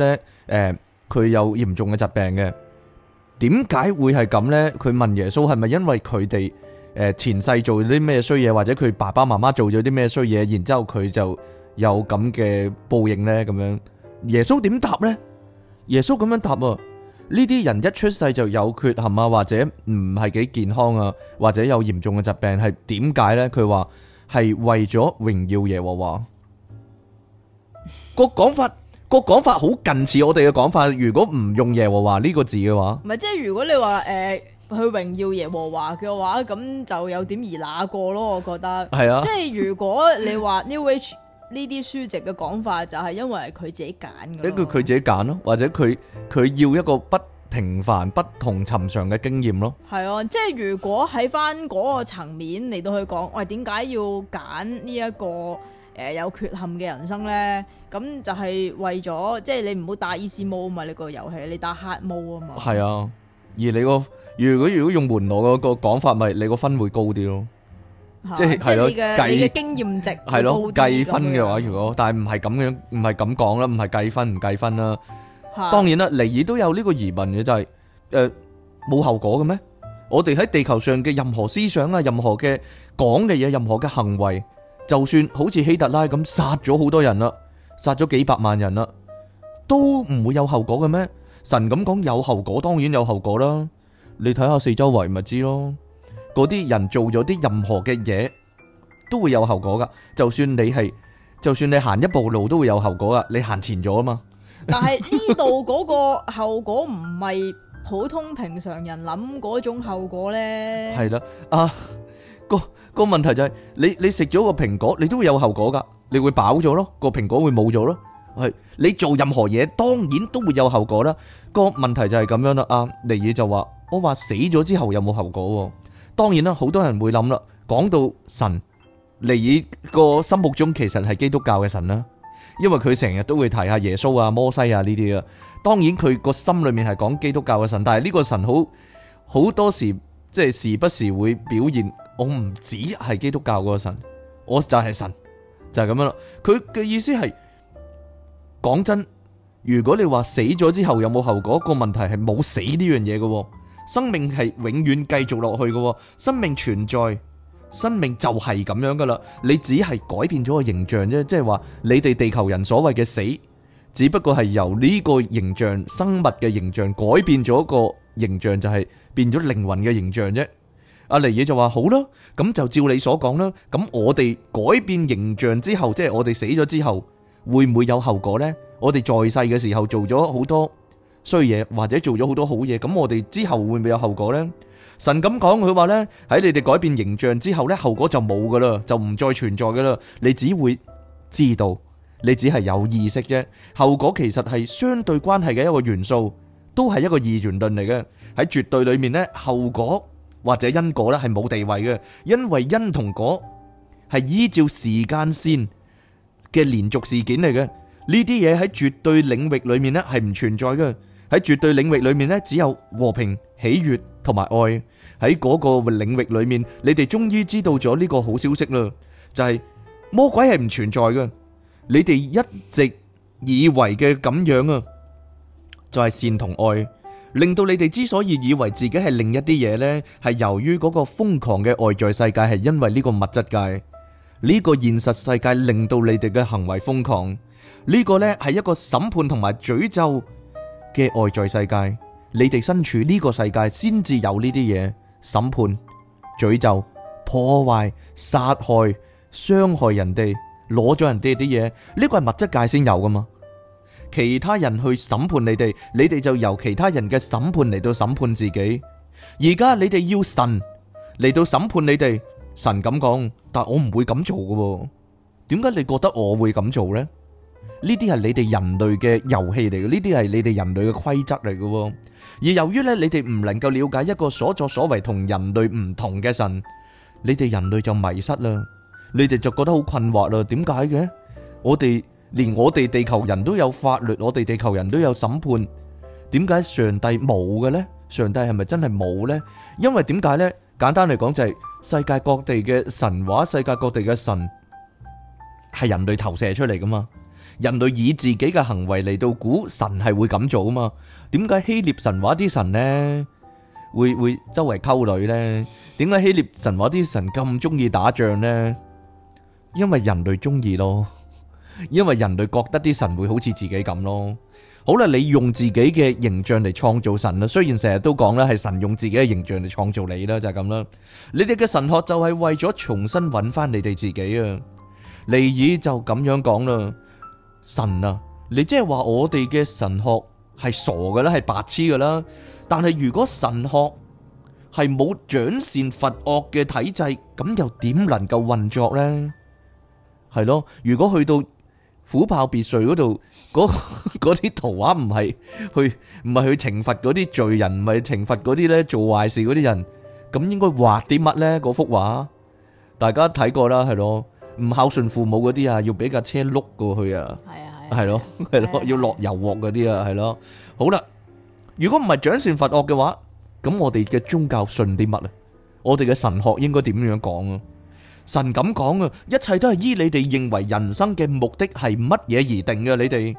呃、呢，誒，佢有嚴重嘅疾病嘅，點解會係咁呢？佢問耶穌係咪因為佢哋誒前世做啲咩衰嘢，或者佢爸爸媽媽做咗啲咩衰嘢，然之後佢就有咁嘅報應呢？」咁樣耶穌點答呢？耶穌咁樣答喎、啊。呢啲人一出世就有缺陷啊，或者唔係幾健康啊，或者有嚴重嘅疾病，係點解呢？佢話係為咗榮耀耶和華， 個講法、個講法好近似我哋嘅講法。如果唔用耶和華呢個字嘅話，
唔係即係如果你話誒、呃、去榮耀耶和華嘅話，咁就有點而那過咯，我覺得。係是啊即，即係如果你話 New、Age 呢啲書籍嘅講法就係因為佢自己揀嘅，一個佢
自己揀咯，或者佢佢要一個不平凡、不同尋常嘅經驗咯。
係啊，即係如果喺翻嗰個層面嚟到去講，喂點解要揀呢一個誒、呃、有缺陷嘅人生咧？咁就係為咗即係你唔好打 easy mode 啊嘛，你、個遊戲你打 hard mode 啊嘛。係
啊，而你個如果如果用門羅嗰個講法，咪、就是、你個分會高啲咯。
即係係咯，計經驗值係咯，計分嘅話，
如果但係唔係咁樣，唔係咁講啦，唔係計分，唔計分啦。
當然啦，
尼爾都有呢個疑問嘅，就係誒冇後果嘅咩？我哋喺地球上嘅任何思想啊，任何嘅講嘅嘢，任何嘅行為，就算好似希特拉咁殺咗好多人啦，殺咗幾百萬人啦，都唔會有後果嘅咩？神咁講有後果，當然有後果啦。你睇下四周圍咪知咯。嗰啲人做咗啲任何嘅嘢，都會有後果噶。就算你係，就算你行一步路都會有後果噶。你行前咗啊嘛。
但係呢度嗰個後果唔係普通平常人諗嗰種後果咧。係
啦，啊個個問題就係你你食咗個蘋果，你都會有後果噶。你會飽咗咯，個蘋果會冇咗咯。係你做任何嘢，當然都會有後果啦。個問題就係咁樣啦。啊，尼爾就話我話死咗之後有冇後果？當然啦，好多人會諗啦，講到神，尼爾個心目中其實係基督教嘅神啦，因為佢成日都會提下耶穌啊、摩西啊呢啲啊。當然佢個心裏面係講基督教嘅神，但係呢個神好好多時即係時不時會表現，我唔止係基督教嗰個神，我就係神，就係咁樣咯。佢嘅意思係，講真，如果你話死咗之後有冇後果，個問題係冇死呢樣嘢嘅。生命係永遠繼續落去嘅，生命存在，生命就係咁樣噶啦。你只係改變咗個形象啫，即係話你哋地球人所謂嘅死，只不過係由呢個形象生物嘅形象改變咗一個形象，就係變咗靈魂嘅形象啫。阿尼耶就話好囉，咁就照你所講啦。咁我哋改變形象之後，即係我哋死咗之後，會唔會有後果呢？我哋在世嘅時候做咗好多衰嘢或者做咗好多好嘢，咁我哋之後會唔會有後果呢？神咁講佢話呢，喺你哋改變形象之後呢，後果就冇噶啦，就唔再存在噶啦。你只會知道，你只係有意識啫。後果其實係相對關係嘅一個元素，都係一個二元論嚟嘅。喺絕對裏面呢，後果或者因果呢係冇地位嘅，因為因同果係依照時間先嘅連續事件嚟嘅。呢啲嘢喺絕對領域裏面呢係唔存在嘅。喺絕對領域裏面呢，只有和平、喜悅同埋愛。喺嗰個領域裏面，你哋終於知道咗呢個好消息啦，就係魔鬼係唔存在㗎。你哋一直以為嘅咁樣啊，就係善同愛，令到你哋之所以以為自己係另一啲嘢呢，係由於嗰個瘋狂嘅外在世界，係因為呢個物質界，呢個現實世界令到你哋嘅行為瘋狂。呢個呢，係一個審判同埋詛咒。嘅外在世界，你哋身處呢個世界，先至有呢啲嘢審判、詛咒、破壞、殺害、傷害人哋，攞咗人哋啲嘢，呢個係物質界先有噶嘛。其他人去審判你哋，你哋就由其他人嘅審判嚟到審判自己。而家你哋要神嚟到審判你哋，神咁講，但我唔會咁做喎。點解你覺得我會咁做呢？呢啲係你哋人類嘅遊戲嚟嘅，呢啲係你哋人類嘅規則嚟嘅。而由於咧，你哋唔能夠了解一個所作所為同人類唔同嘅神，你哋人類就迷失啦，你哋就覺得好困惑啦。點解嘅？我哋連我哋地球人都有法律，我哋地球人都有審判，點解上帝冇嘅呢？上帝係咪真係冇呢？因為點解呢？簡單嚟講就係世界各地嘅神話，世界各地嘅神係人類投射出嚟噶嘛。人類以自己嘅行為嚟到估神係會咁做啊嘛，點解希臘神話啲神呢？會會周圍溝女呢？點解希臘神話啲神咁中意打仗呢？因為人類中意咯，因為人類覺得啲神會好似自己咁咯。好啦，你用自己嘅形象嚟創造神啦。雖然成日都講啦，係神用自己嘅形象嚟創造你啦，就係咁啦。你哋嘅神學就係為咗重新搵翻你哋自己啊。尼爾就咁樣講啦。神啊，你即係話我哋嘅神學係傻噶啦，係白痴噶啦。但係如果神學係冇賞善罰惡嘅體制，咁又點能夠運作呢？係咯，如果去到虎豹別墅嗰度，嗰啲圖畫唔係去唔係去懲罰嗰啲罪人，唔係懲罰嗰啲咧做壞事嗰啲人，咁應該畫啲乜呢？嗰幅畫，大家睇過啦，係咯。唔孝順父母嗰啲啊，要俾架車碌過去啊，係啊係，係咯係咯，要落油鑊嗰啲啊，係咯。好啦，如果唔係賞善罰惡嘅話，咁我哋嘅宗教信啲乜啊？我哋嘅神學應該點樣講啊？神咁講啊，一切都係依你哋認為人生嘅目的係乜嘢而定嘅，你哋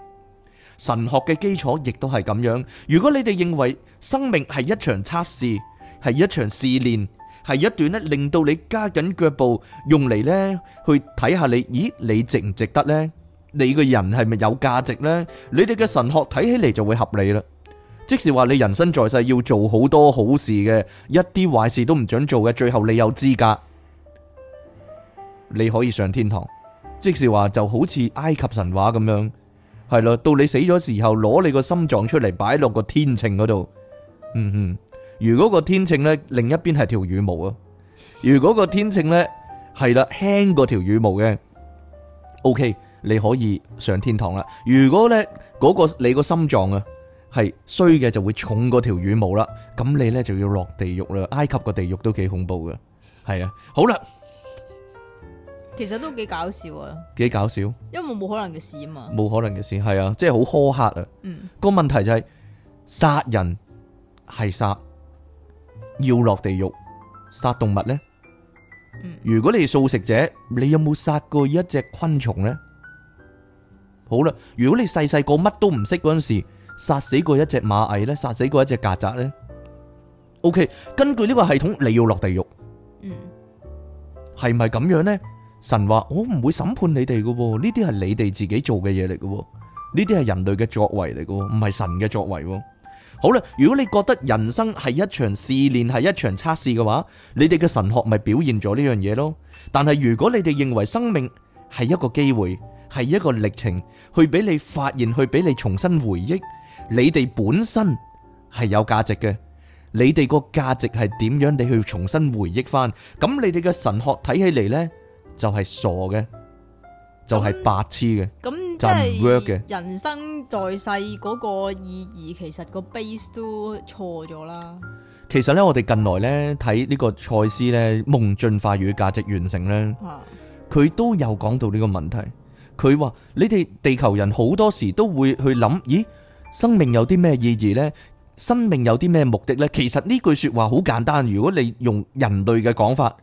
神學嘅基礎亦都係咁樣。如果你哋認為生命係一場測試，係一場試煉，係一段咧，令到你加緊腳步，用嚟呢去睇下你，咦，你值唔值得呢？你個人係咪有價值呢？你哋嘅神學睇起嚟就會合理啦。即是話你人生在世要做好多好事嘅，一啲壞事都唔想做嘅，最後你有資格，你可以上天堂。即是話就好似埃及神話咁樣，係咯，到你死咗時候，攞你個心臟出嚟擺落個天秤嗰度，嗯哼。如果個天秤咧，另一邊係條羽毛啊。如果個天秤咧係啦輕過條羽毛嘅，OK，你可以上天堂啦。如果咧嗰個你個心臟啊係衰嘅，就會重過條羽毛啦。咁你咧就要落地獄啦。埃及個地獄都幾恐怖㗎，係啊。好啦，
其實都幾搞笑啊，幾搞笑，因為冇可能嘅事啊嘛，
冇可能嘅事係啊，即係好苛刻啊。嗯，個問題就係殺人係殺。要落地獄，殺動物咧？如果你係素食者，你有冇殺過一隻昆蟲咧？好啦，如果你細細個乜都唔識嗰陣時，殺死過一隻螞蟻咧？殺死過一隻曱甴咧？OK，根據呢個系統，你要落地獄。嗯，係咪咁樣咧？神話我唔會審判你哋㗎喎，呢啲係你哋自己做嘅嘢嚟㗎喎，呢啲係人類嘅作為嚟㗎，唔係神嘅作為。好啦，如果你覺得人生係一場試煉，係一場測試嘅話，你哋嘅神學咪表現咗呢樣嘢咯。但係如果你哋認為生命係一個機會，係一個歷程，去俾你發現，去俾你重新回憶，你哋本身係有價值嘅。你哋個價值係點樣？你去重新回憶翻，咁你哋嘅神學睇起嚟呢，就係傻嘅。那就係白痴嘅，
咁即係人生在世嗰個意義，那其實個 base 都錯咗啦。
其實呢，我哋近來呢睇呢個賽斯呢《夢進化與價值完成》呢、啊，佢都有講到呢個問題。佢話「你哋地球人好多時都會去諗，咦，生命有啲咩意義呢？生命有啲咩目的呢？」其實呢句說話好簡單，如果你用人類嘅講法，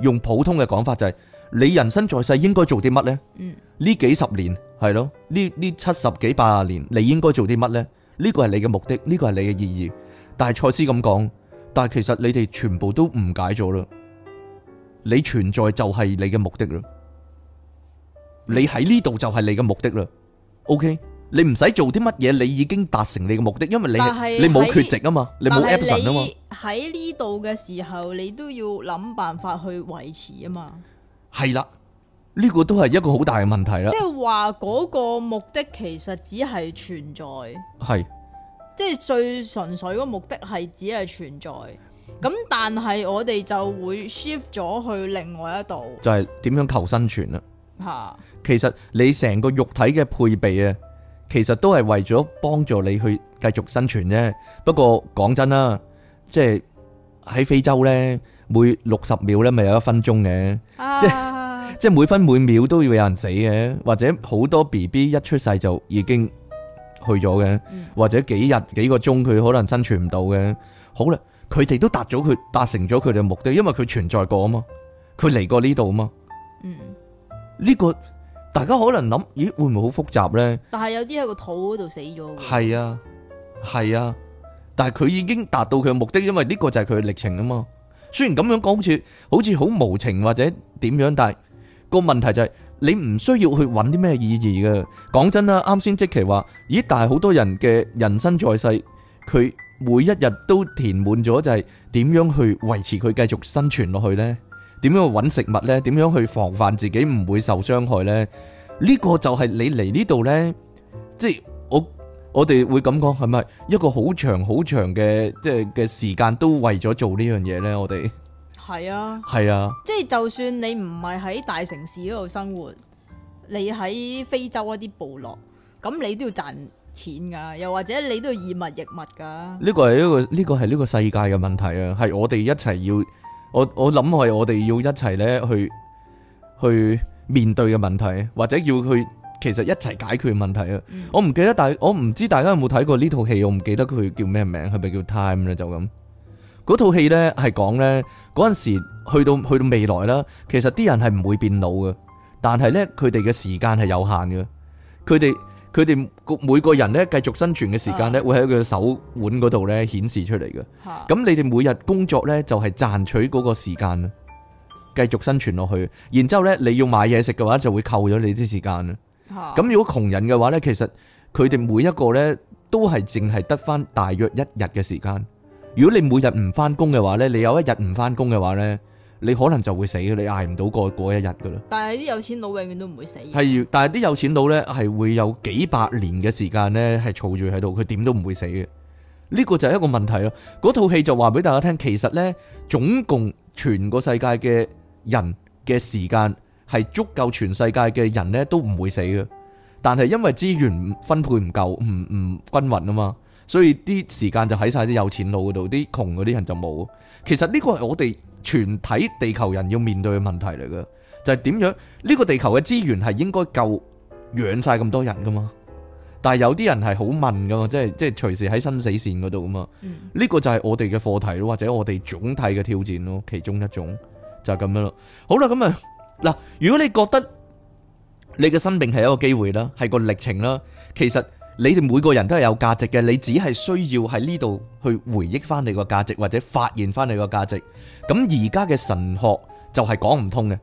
用普通嘅講法就係、是。你人生在世應該做啲乜呢？呢、嗯、幾十年係咯，呢呢七十幾八十年，你應該做啲乜呢？呢、呢個係你嘅目的，呢、呢個係你嘅意義。但係蔡斯咁講，但係其實你哋全部都誤解咗啦。你存在就係你嘅目的啦，你喺呢度就係你嘅目的啦。OK，你唔使做啲乜嘢，你已經達成你嘅目的，因為你你冇缺席啊嘛，你冇 Absent 啊嘛。
喺呢度嘅時候，你都要諗辦法去維持啊嘛。
係啦，呢個都係一個好大嘅問題啦。即係
話嗰個目的其實只係存在，係即係最純粹個目的係只係存在。咁但係我哋就會 shift 咗去另外一度，就係
點樣求生存啦。
吓是，
其實你成個肉體嘅配備啊，其實都係為咗幫助你去繼續生存啫。不過講真啦，即係喺非洲呢。每六十秒咧，咪有一分鐘嘅，啊、即係、啊、即係每分每秒都要有人死嘅，或者好多 B B 一出世就已經去咗嘅，嗯、或者幾日幾個鐘佢可能生存唔到嘅。好啦，佢哋都達咗佢達成咗佢哋目的，因為佢存在過啊嘛，佢嚟過呢度啊嘛。嗯，呢、呢個大家可能諗咦，會唔會好複雜咧？
但係有啲喺個肚嗰度死咗
嘅，啊，係啊係啊，但係佢已經達到佢嘅目的，因為呢個就係佢嘅歷程啊嘛。雖然咁樣講，好似好似好無情或者點樣，但係個問題就係你唔需要去揾啲咩意義嘅。講真啦，啱先即奇話，咦？但係好多人嘅人生在世，佢每一日都填滿咗，就係點樣去維持佢繼續生存落去呢？點樣去揾食物呢？點樣去防範自己唔會受傷害呢？呢、呢個就係你嚟呢度呢。即我哋會咁講，係咪一個好長好長嘅即係嘅時間都為咗做這件事呢樣嘢咧？我哋
係啊，係啊，即係就算你唔係喺大城市嗰度生活，你喺非洲一啲部落，咁你都要賺錢噶，又或者你都要以物易物噶。呢
個係一個呢、呢個係呢個世界嘅問題啊，係我哋一齊要我我諗係我哋要一齊咧去去面對嘅問題，或者要去。其實一齊解決問題啊、嗯！我唔記得，大我唔知大家有冇睇過呢套戲？我唔記得佢叫咩名，係咪叫 Time 咧？就咁嗰套戲咧，係講咧嗰陣時去到去到未來啦。其實啲人係唔會變老嘅，但係咧佢哋嘅時間係有限嘅。佢哋佢哋個每個人咧繼續生存嘅時間咧會喺佢手腕嗰度咧顯示出嚟嘅。咁、啊、你哋每日工作咧就係、是、賺取嗰個時間啊，繼續生存落去。然之後咧你要買嘢食嘅話就會扣咗你啲時間。咁如果窮人嘅話呢，其實佢哋每一個呢都係淨係得翻大約一日嘅時間。如果你每日唔翻工嘅話呢，你有一日唔翻工嘅話呢，你可能就會死嘅，你挨唔到過嗰一日噶啦。
但係啲有錢佬永遠都唔會死。
係，但係啲有錢佬呢係會有幾百年嘅時間呢係儲住喺度，佢點都唔會死嘅。呢、這個就係一個問題咯。嗰套戲就話俾大家聽，其實呢，總共全個世界嘅人嘅時間。係足夠全世界嘅人咧都唔會死嘅，但係因為資源分配唔夠唔唔均勻啊嘛，所以啲時間就喺晒啲有錢佬嗰度，啲窮嗰啲人就冇。其實呢個係我哋全體地球人要面對嘅問題嚟嘅，就係、是、點樣呢、這個地球嘅資源係應該夠養晒咁多人噶嘛？但係有啲人係好問噶嘛，即係即係隨時喺生死線嗰度噶嘛。呢、嗯、個就係我哋嘅課題咯，或者我哋總體嘅挑戰咯，其中一種就係、是、咁樣咯。好啦，咁啊。嗱，如果你覺得你嘅生命係一個機會啦，係個歷程啦，其實你哋每個人都係有價值嘅，你只係需要喺呢度去回憶翻你個價值或者發現翻你個價值。咁而家嘅神學就係講唔通嘅，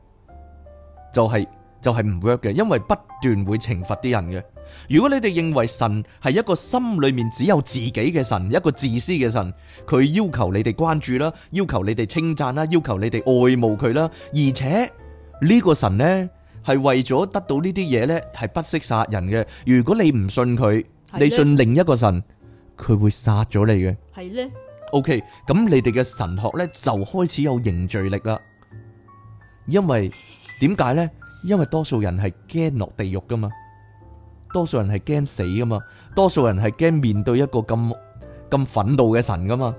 就係、就係唔 work 嘅，因為不斷會懲罰啲人嘅。如果你哋認為神係一個心裏面只有自己嘅神，一個自私嘅神，佢要求你哋關注啦，要求你哋稱讚啦，要求你哋愛慕佢啦，而且。呢個神呢，係為咗得到呢啲嘢呢，係不惜殺人嘅。如果你唔信佢，的你信另一個神，佢會殺咗你嘅。
係呢
？OK，咁你哋嘅神學呢，就開始有凝聚力啦。因為點解呢？因為多數人係驚落地獄噶嘛，多數人係驚死噶嘛，多數人係驚面對一個咁咁憤怒嘅神噶嘛。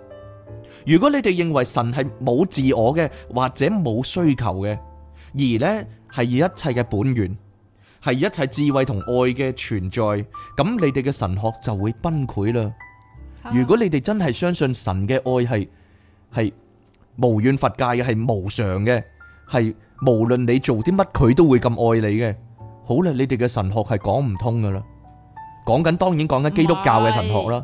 如果你哋認為神係冇自我嘅，或者冇需求嘅。而呢，係一切嘅本源，係一切智慧同愛嘅存在，咁你哋嘅神學就會崩潰啦。啊、如果你哋真係相信神嘅愛係係無遠弗屆嘅，係無常嘅，係無論你做啲乜佢都會咁愛你嘅，好啦，你哋嘅神學係講唔通噶啦，講緊當然講緊基督教嘅神學啦。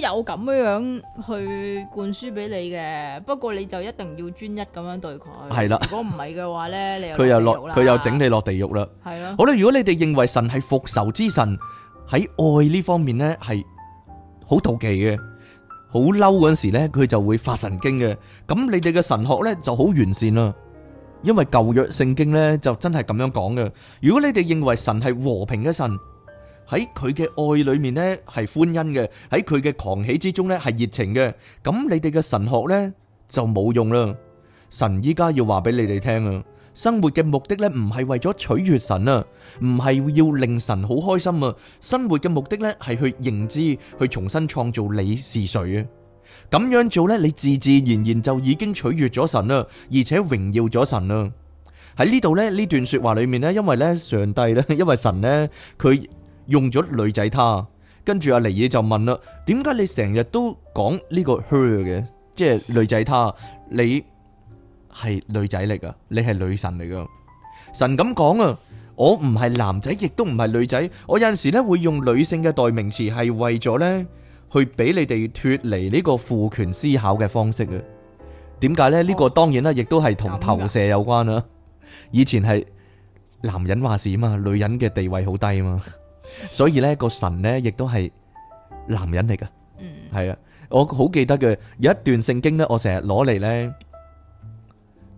有咁樣樣去灌輸俾你嘅，不過你就一定要專一咁樣對佢。係啦，如果唔係嘅話咧，你佢又落佢又整
你落地獄啦。係咯，好啦，如果你哋認為神係復仇之神，喺愛呢方面咧係好妒忌嘅，好嬲嗰時咧佢就會發神經嘅。咁你哋嘅神學咧就好完善啦，因為舊約聖經咧就真係咁樣講嘅。如果你哋認為神係和平嘅神。喺佢嘅愛裏面呢係歡欣嘅，喺佢嘅狂喜之中呢係熱情嘅。咁你哋嘅神學呢就冇用啦。神依家要話俾你哋聽啊，生活嘅目的呢唔係為咗取悦神啊，唔係要令神好開心啊。生活嘅目的呢係去認知，去重新創造你是誰啊。咁樣做呢，你自自然然就已經取悦咗神啦，而且榮耀咗神啦。喺呢度呢呢段說話裏面呢，因為呢上帝呢，因為神呢佢。用咗女仔他跟住阿尼嘢就問啦：點解你成日都講呢個 her 嘅，即係女仔她？你係女仔嚟噶，你係女神嚟噶。神咁講啊，我唔係男仔，亦都唔係女仔。我有陣時咧會用女性嘅代名詞，係為咗咧去俾你哋脫離呢個父權思考嘅方式啊。點解咧？呢個當然啦，亦都係同投射有關啦。以前係男人話事啊嘛，女人嘅地位好低啊嘛。所以咧，個神咧亦都係男人嚟噶，嗯，係啊，我好記得嘅有一段聖經咧，我成日攞嚟咧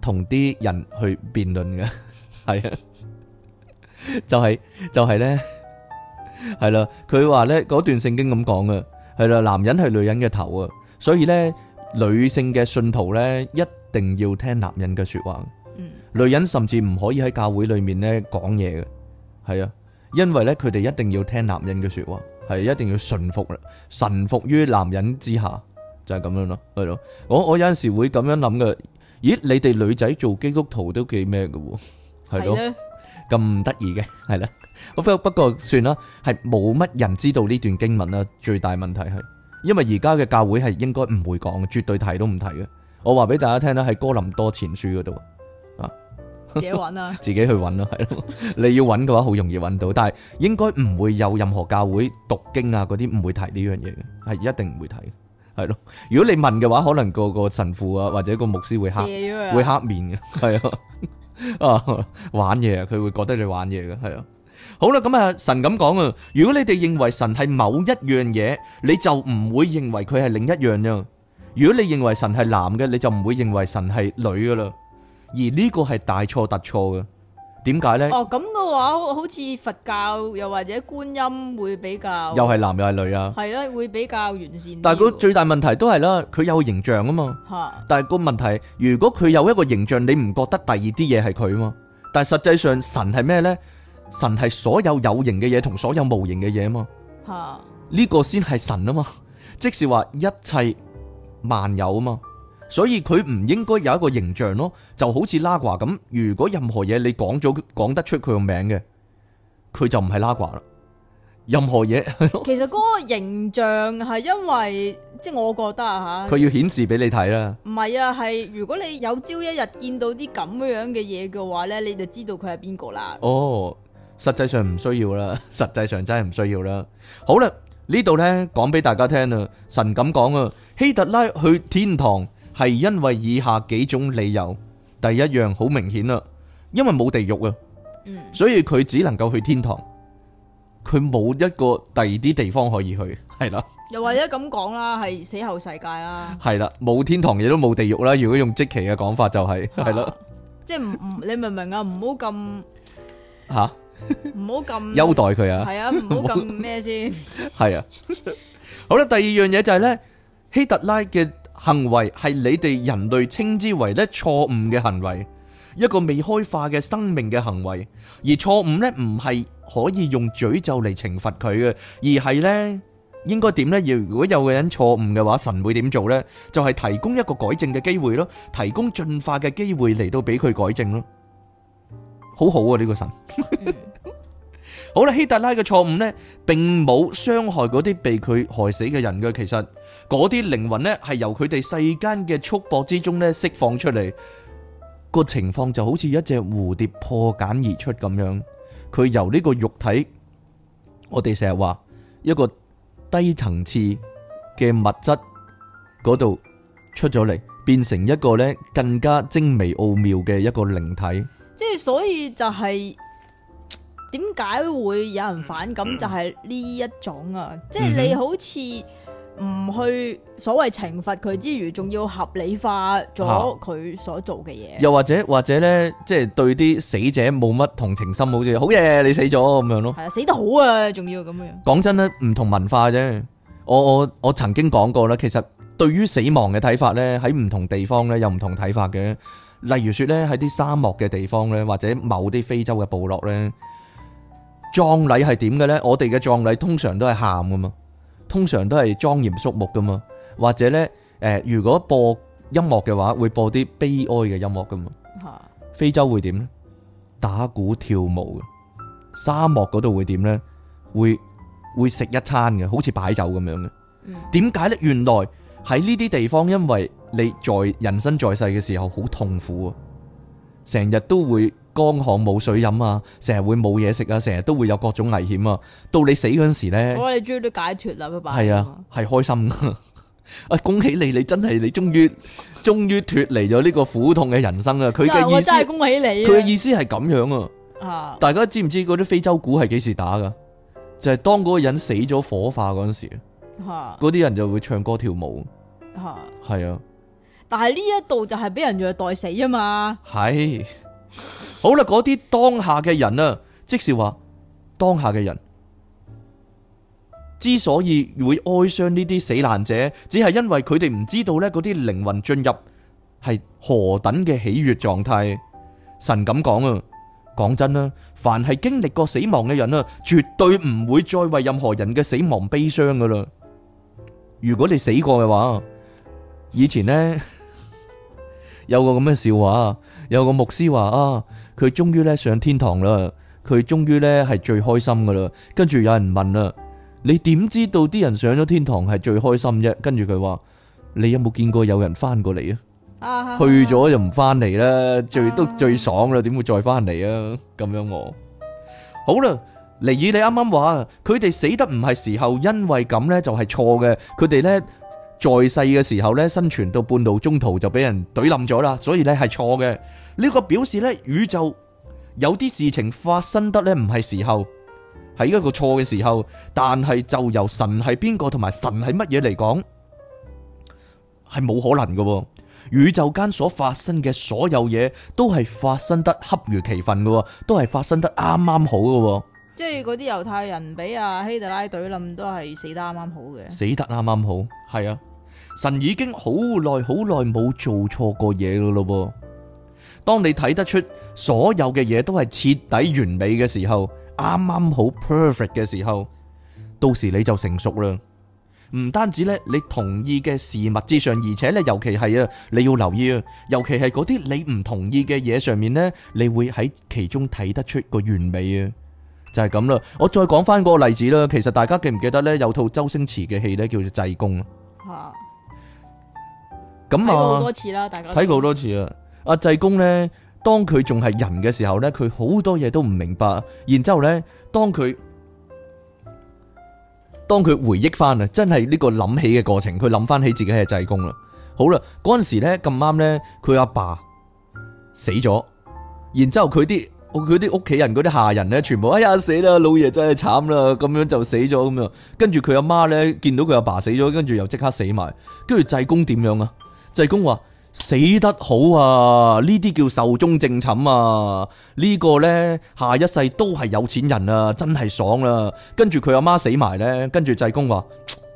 同啲人去辯論嘅，係啊，就係就係咧，係啦，佢話咧嗰段聖經咁講啊，係啦，男人係女人嘅頭啊，所以咧女性嘅信徒咧一定要聽男人嘅說話，嗯，女人甚至唔可以喺教會裏面咧講嘢嘅，係啊。因為咧，佢哋一定要聽男人嘅說話，係一定要順服啦，順服於男人之下，就係咁樣咯，係咯。我我有陣時會咁樣諗嘅。咦，你哋女仔做基督徒都幾咩嘅喎？係咯，咁唔得意嘅，係啦。不過不過算啦，係冇乜人知道呢段經文啦。最大問題係，因為而家嘅教會係應該唔會講，絕對提都唔提嘅。我話俾大家聽啦，係哥林多前書嗰度。自己揾啦，自己去揾咯，係咯。你要揾嘅話，好容易揾到，但係應該唔會有任何教會讀經啊，嗰啲唔會提呢樣嘢嘅，係一定唔會提，係咯。如果你問嘅話，可能個個神父啊或者個牧師會黑，會黑面嘅，係啊，啊玩嘢啊，佢會覺得你玩嘢嘅，係啊。好啦，咁啊，神咁講啊，如果你哋認為神係某一樣嘢，你就唔會認為佢係另一樣啫。如果你認為神係男嘅，你就唔會認為神係女噶啦。而呢個係大錯特錯嘅，點解呢？哦，
咁嘅話好似佛教又或者觀音會比較，又
係男又係女啊？係
啦，會比較完善啲。但
係個最大問題都係啦，佢有形象啊嘛。嚇！但係個問題，如果佢有一個形象，你唔覺得第二啲嘢係佢啊嘛？但係實際上神係咩呢？神係所有有形嘅嘢同所有無形嘅嘢啊嘛。
嚇！
呢個先係神啊嘛，即是話一切萬有啊嘛。所以佢唔應該有一個形象咯，就好似拉掛咁。如果任何嘢你講咗講得出佢個名嘅，佢就唔係拉掛啦。任何嘢
其實嗰個形象係因為即係我覺得啊吓，佢
要顯示俾你睇啦。
唔係啊，係如果你有朝一日見到啲咁樣嘅嘢嘅話呢，你就知道佢係邊個啦。
哦，實際上唔需要啦，實際上真係唔需要啦。好啦，呢度呢講俾大家聽啦，神咁講啊，希特拉去天堂。係因為以下幾種理由，第一樣好明顯啦，因為冇地獄啊，所以佢只能夠去天堂，佢冇一個第二啲地方可以去，係啦。
又或者咁講啦，係死後世界啦。
係啦，冇天堂亦都冇地獄啦。如果用即期嘅講法就係，係咯。
即係唔唔，你明唔明啊？唔好咁吓，唔好咁優待佢啊。係啊，唔好咁咩先。
係啊，好啦，第二樣嘢就係咧，希特拉嘅行為係你哋人類稱之為咧錯誤嘅行為，一個未開化嘅生命嘅行為，而錯誤呢，唔係可以用詛咒嚟懲罰佢嘅，而係呢，應該點呢？如果有個人錯誤嘅話，神會點做呢？就係、是、提供一個改正嘅機會咯，提供進化嘅機會嚟到俾佢改正咯，好好啊呢、呢個神。 好啦，希特拉嘅錯誤呢，並冇傷害嗰啲被佢害死嘅人嘅。其實嗰啲靈魂呢，係由佢哋世間嘅束縛之中呢，釋放出嚟。個情況就好似一隻蝴蝶破繭而出咁樣，佢由呢個肉體，我哋成日話一個低層次嘅物質嗰度出咗嚟，變成一個呢，更加精微奧妙嘅一個靈體。
即係所以就係、是。點解會有人反感？就係呢一種啊，即係你好似唔去所謂懲罰佢之餘，仲要合理化咗佢所做嘅嘢。啊，又
或者或者呢，即係對啲死者冇乜同情心，好似好嘢，你死咗咁樣咯，係
啊，死得好啊，仲要咁樣。
講真咧，唔同文化啫。我我我曾經講過啦，其實對於死亡嘅睇法呢，喺唔同地方呢，有唔同睇法嘅。例如說呢，喺啲沙漠嘅地方呢，或者某啲非洲嘅部落呢。葬禮係點嘅呢？我哋嘅葬禮通常都係喊噶嘛，通常都係莊嚴肅穆噶嘛，或者呢，誒、呃，如果播音樂嘅話，會播啲悲哀嘅音樂噶嘛。啊、非洲會點呢？打鼓跳舞。沙漠嗰度會點呢？會會食一餐嘅，好似擺酒咁樣嘅。點解、嗯、呢？原來喺呢啲地方，因為你在人生在世嘅時候好痛苦啊，成日都會。乾旱冇水飲啊，成日會冇嘢食啊，成日都會有各種危險啊。到你死嗰陣時咧，我
哋終於都解脫啦，爸爸。係
啊，係開心啊！ 恭喜你，你真係你終於終於脫離咗呢個苦痛嘅人生啊！佢嘅意思，佢嘅意思係咁樣啊！
的大
家知唔知嗰啲非洲鼓係幾時打噶？就係、是、當嗰個人死咗火化嗰陣時候，嗰啲的人就會唱歌跳舞。吓的，係啊的！
但係呢一度就係俾人虐待死啊嘛，
係。好啦，嗰啲當下嘅人啊，即是話當下嘅人之所以會哀傷呢啲死難者，只係因為佢哋唔知道呢嗰啲靈魂進入係何等嘅喜悅狀態。神咁講啊，講真啦，凡係經歷過死亡嘅人啊，絕對唔會再為任何人嘅死亡悲傷噶啦。如果你死過嘅話，以前呢， 有個咁嘅笑話，有個牧師話啊。佢終於咧上天堂啦，佢終於咧係最開心噶啦。跟住有人問啦，你點知道啲人上咗天堂係最開心啫？跟住佢話：你有冇見過有人翻過嚟啊？去咗又唔翻嚟啦，最都最爽啦，點會再翻嚟啊？咁樣我好啦，尼爾你啱啱話佢哋死得唔係時候，因為咁咧就係錯嘅，佢哋咧。在世嘅時候咧，生存到半路中途就俾人懟冧咗啦，所以咧係錯嘅。呢個表示咧，宇宙有啲事情發生得咧唔係時候，係一個錯嘅時候。但係就由神係邊個同埋神係乜嘢嚟講，係冇可能嘅。宇宙間所發生嘅所有嘢都係發生得恰如其分嘅，都係發生得啱啱好嘅。
即係嗰啲猶太人俾阿希特拉懟冧都係死得啱啱好嘅，
死得啱啱好，係啊。神已經好耐好耐冇做錯過嘢喇咯噃。當你睇得出所有嘅嘢都係徹底完美嘅時候，啱啱好 perfect 嘅時候，到時你就成熟啦。唔單止咧，你同意嘅事物之上，而且咧，尤其係啊，你要留意啊，尤其係嗰啲你唔同意嘅嘢上面呢，你會喺其中睇得出個完美啊。就係咁啦。我再講翻個例子啦。其實大家記唔記得呢？有套周星馳嘅戲呢，叫做《濟公》啊。咁啊，睇過好多次啦，大家睇過好多次啊！阿濟公咧，當佢仲係人嘅時候咧，佢好多嘢都唔明白。然之後咧，當佢當佢回憶翻啊，真係呢個諗起嘅過程，佢諗翻起自己係濟公啦。好啦，嗰陣時咧咁啱咧，佢阿爸死咗，然之後佢啲。佢啲屋企人嗰啲下人咧，全部哎呀死啦！老爺真係慘啦，咁樣就死咗咁啊。跟住佢阿媽咧，見到佢阿爸死咗，跟住又即刻死埋。跟住濟公點樣啊？濟公話死得好啊，呢啲叫壽終正寢啊。這個、呢個咧，下一世都係有錢人啊，真係爽啦，啊。跟住佢阿媽死埋咧，跟住濟公話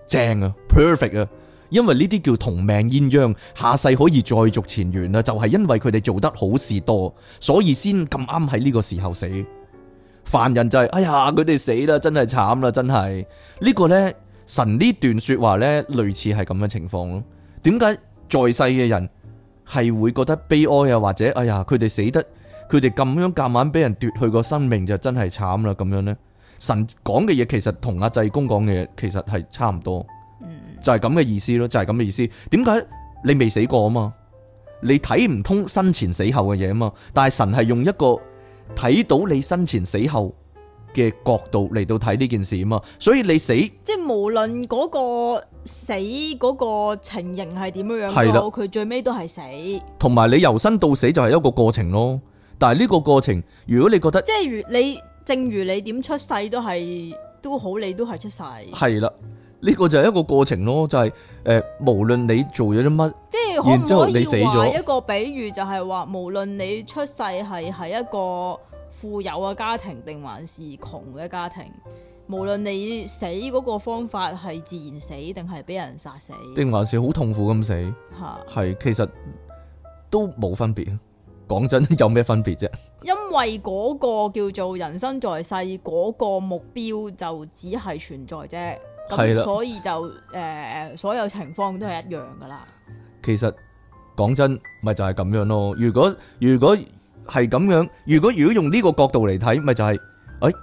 正啊，perfect 啊。因為呢啲叫同命鴛鴦，下世可以再續前緣啦。就係、是、因為佢哋做得好事多，所以先咁啱喺呢個時候死。凡人就係、是，哎呀，佢哋死啦，真係慘啦，真係。呢、這個呢，神呢段說話呢，類似係咁嘅情況咯。點解在世嘅人係會覺得悲哀啊？或者，哎呀，佢哋死得，佢哋咁樣夾硬俾人奪去個生命就真係慘啦。咁樣呢，神講嘅嘢其實同阿濟公講嘅嘢其實係差唔多。就係咁嘅意思咯，就係咁嘅意思。點解你未死過啊？嘛，你睇唔通生前死後嘅嘢啊？嘛，但係神係用一個睇到你生前死後嘅角度嚟到睇呢件事啊？嘛，所以你死
即係無論嗰個死嗰個情形係點樣樣，佢的最尾都係死。
同埋你由生到死就係一個過程咯。但係呢個過程，如果你覺得
即係如你，正如你點出世都係都好，你都係出世
係啦。呢個就係一個過程咯，就係、是、誒、呃，無論你做咗啲乜，然
後你死咗，即係可唔可以話一個比喻就係，就係話無論你出世係係一個富有嘅家庭定還是窮嘅家庭，無論你死嗰個方法係自然死定係俾人殺死，定
還是好痛苦咁死，係是其實都冇分別。講真，有咩分別啫？
因為嗰個叫做人生在世嗰、那個目標就只係存在啫。係啦，所以就誒，所有情況都係一樣噶啦。
其實講真，咪就係咁樣咯。如果如果係咁樣，如果如果用呢個角度嚟睇，咪就係，誒，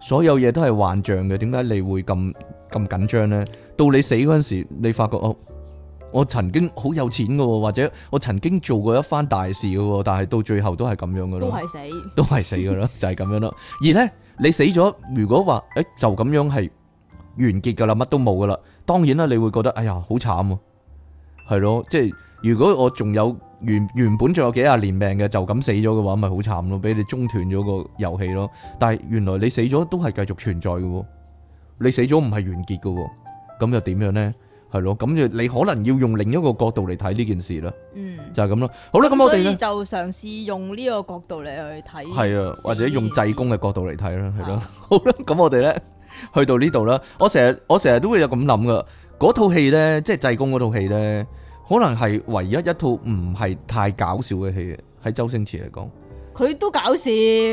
所有嘢都係幻象嘅。點解你會咁咁緊張咧？到你死嗰陣時，你發覺哦我曾經好有錢噶，或者我曾經做過一番大事噶，但係到最後都係咁樣噶咯，都係死，都係死噶咯，就係咁樣咯。而咧，你死咗，如果話誒，就咁樣係。完結噶啦，乜都冇噶啦。當然啦，你會覺得哎呀好慘喎，係咯。即係如果我仲有原原本仲有幾廿年命嘅，就咁死咗嘅話，咪好慘咯，俾你中斷咗個遊戲咯。但係原來你死咗都係繼續存在嘅，你死咗唔係完結嘅，咁又點樣呢？係咯，咁就你可能要用另一個角度嚟睇呢件事啦。
嗯，
就係咁咯。好啦，咁我哋
就嘗試用呢個角度嚟去睇，係啊，
或者用濟公嘅角度嚟睇啦，係咯。好啦，咁我哋咧。去到呢度啦，我成日我成日都會有咁諗噶，嗰套戲咧，即係濟公嗰套戲咧，可能係唯一一套唔係太搞笑嘅戲，喺周星馳嚟講，
佢都搞笑，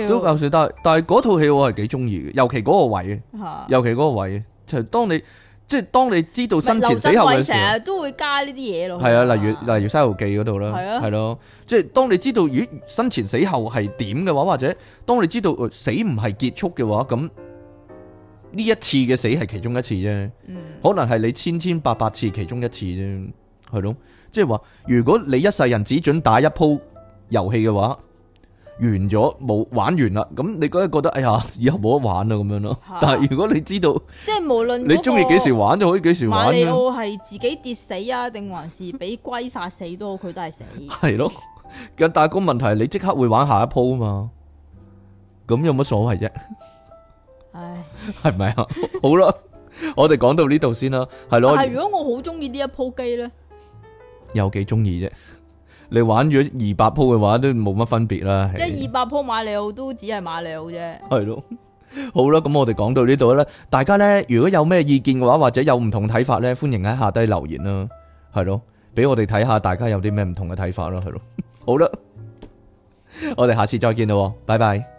都搞
笑，但係但係嗰套戲我係幾中意，尤其嗰個位，的尤其嗰個位，就當你即係當你知道生前死後嘅時候，成日
都會加呢啲嘢咯，係啊，
例如例如西遊記嗰度啦，係咯的，即係當你知道咦生前死後係點嘅話，或者當你知道死唔係結束嘅話咁。呢一次嘅死係其中一次啫，嗯、可能係你千千八百次其中一次啫，係咯。即係話，如果你一世人只准打一鋪遊戲嘅話，完咗冇玩完啦，咁你覺得覺得哎呀以後冇得玩啦咁樣咯。啊、但係如果你知道，
即係無論你中意幾時
玩就可以幾時玩。馬里奧
係自己跌死啊，定還是俾龜殺死都好，佢都係死。
係咯，咁但係個問題係你即刻會玩下一鋪啊嘛，咁有乜所謂啫？唉，係咪啊？好啦， 我哋講到呢度先啦，係咯。但係如
果我好中意呢一鋪機咧，
有幾中意啫？ 你玩咗二百鋪嘅話都，都冇乜分別啦。即係二
百鋪馬利歐，都只係馬利歐啫。係
咯，好啦，咁我哋講到呢度啦。大家咧，如果有咩意見嘅話，或者有唔同睇法咧，歡迎喺下低留言啦、啊。係咯，俾我哋睇下大家有啲咩唔同嘅睇法啦。係咯，好啦，我哋下次再見啦，拜拜。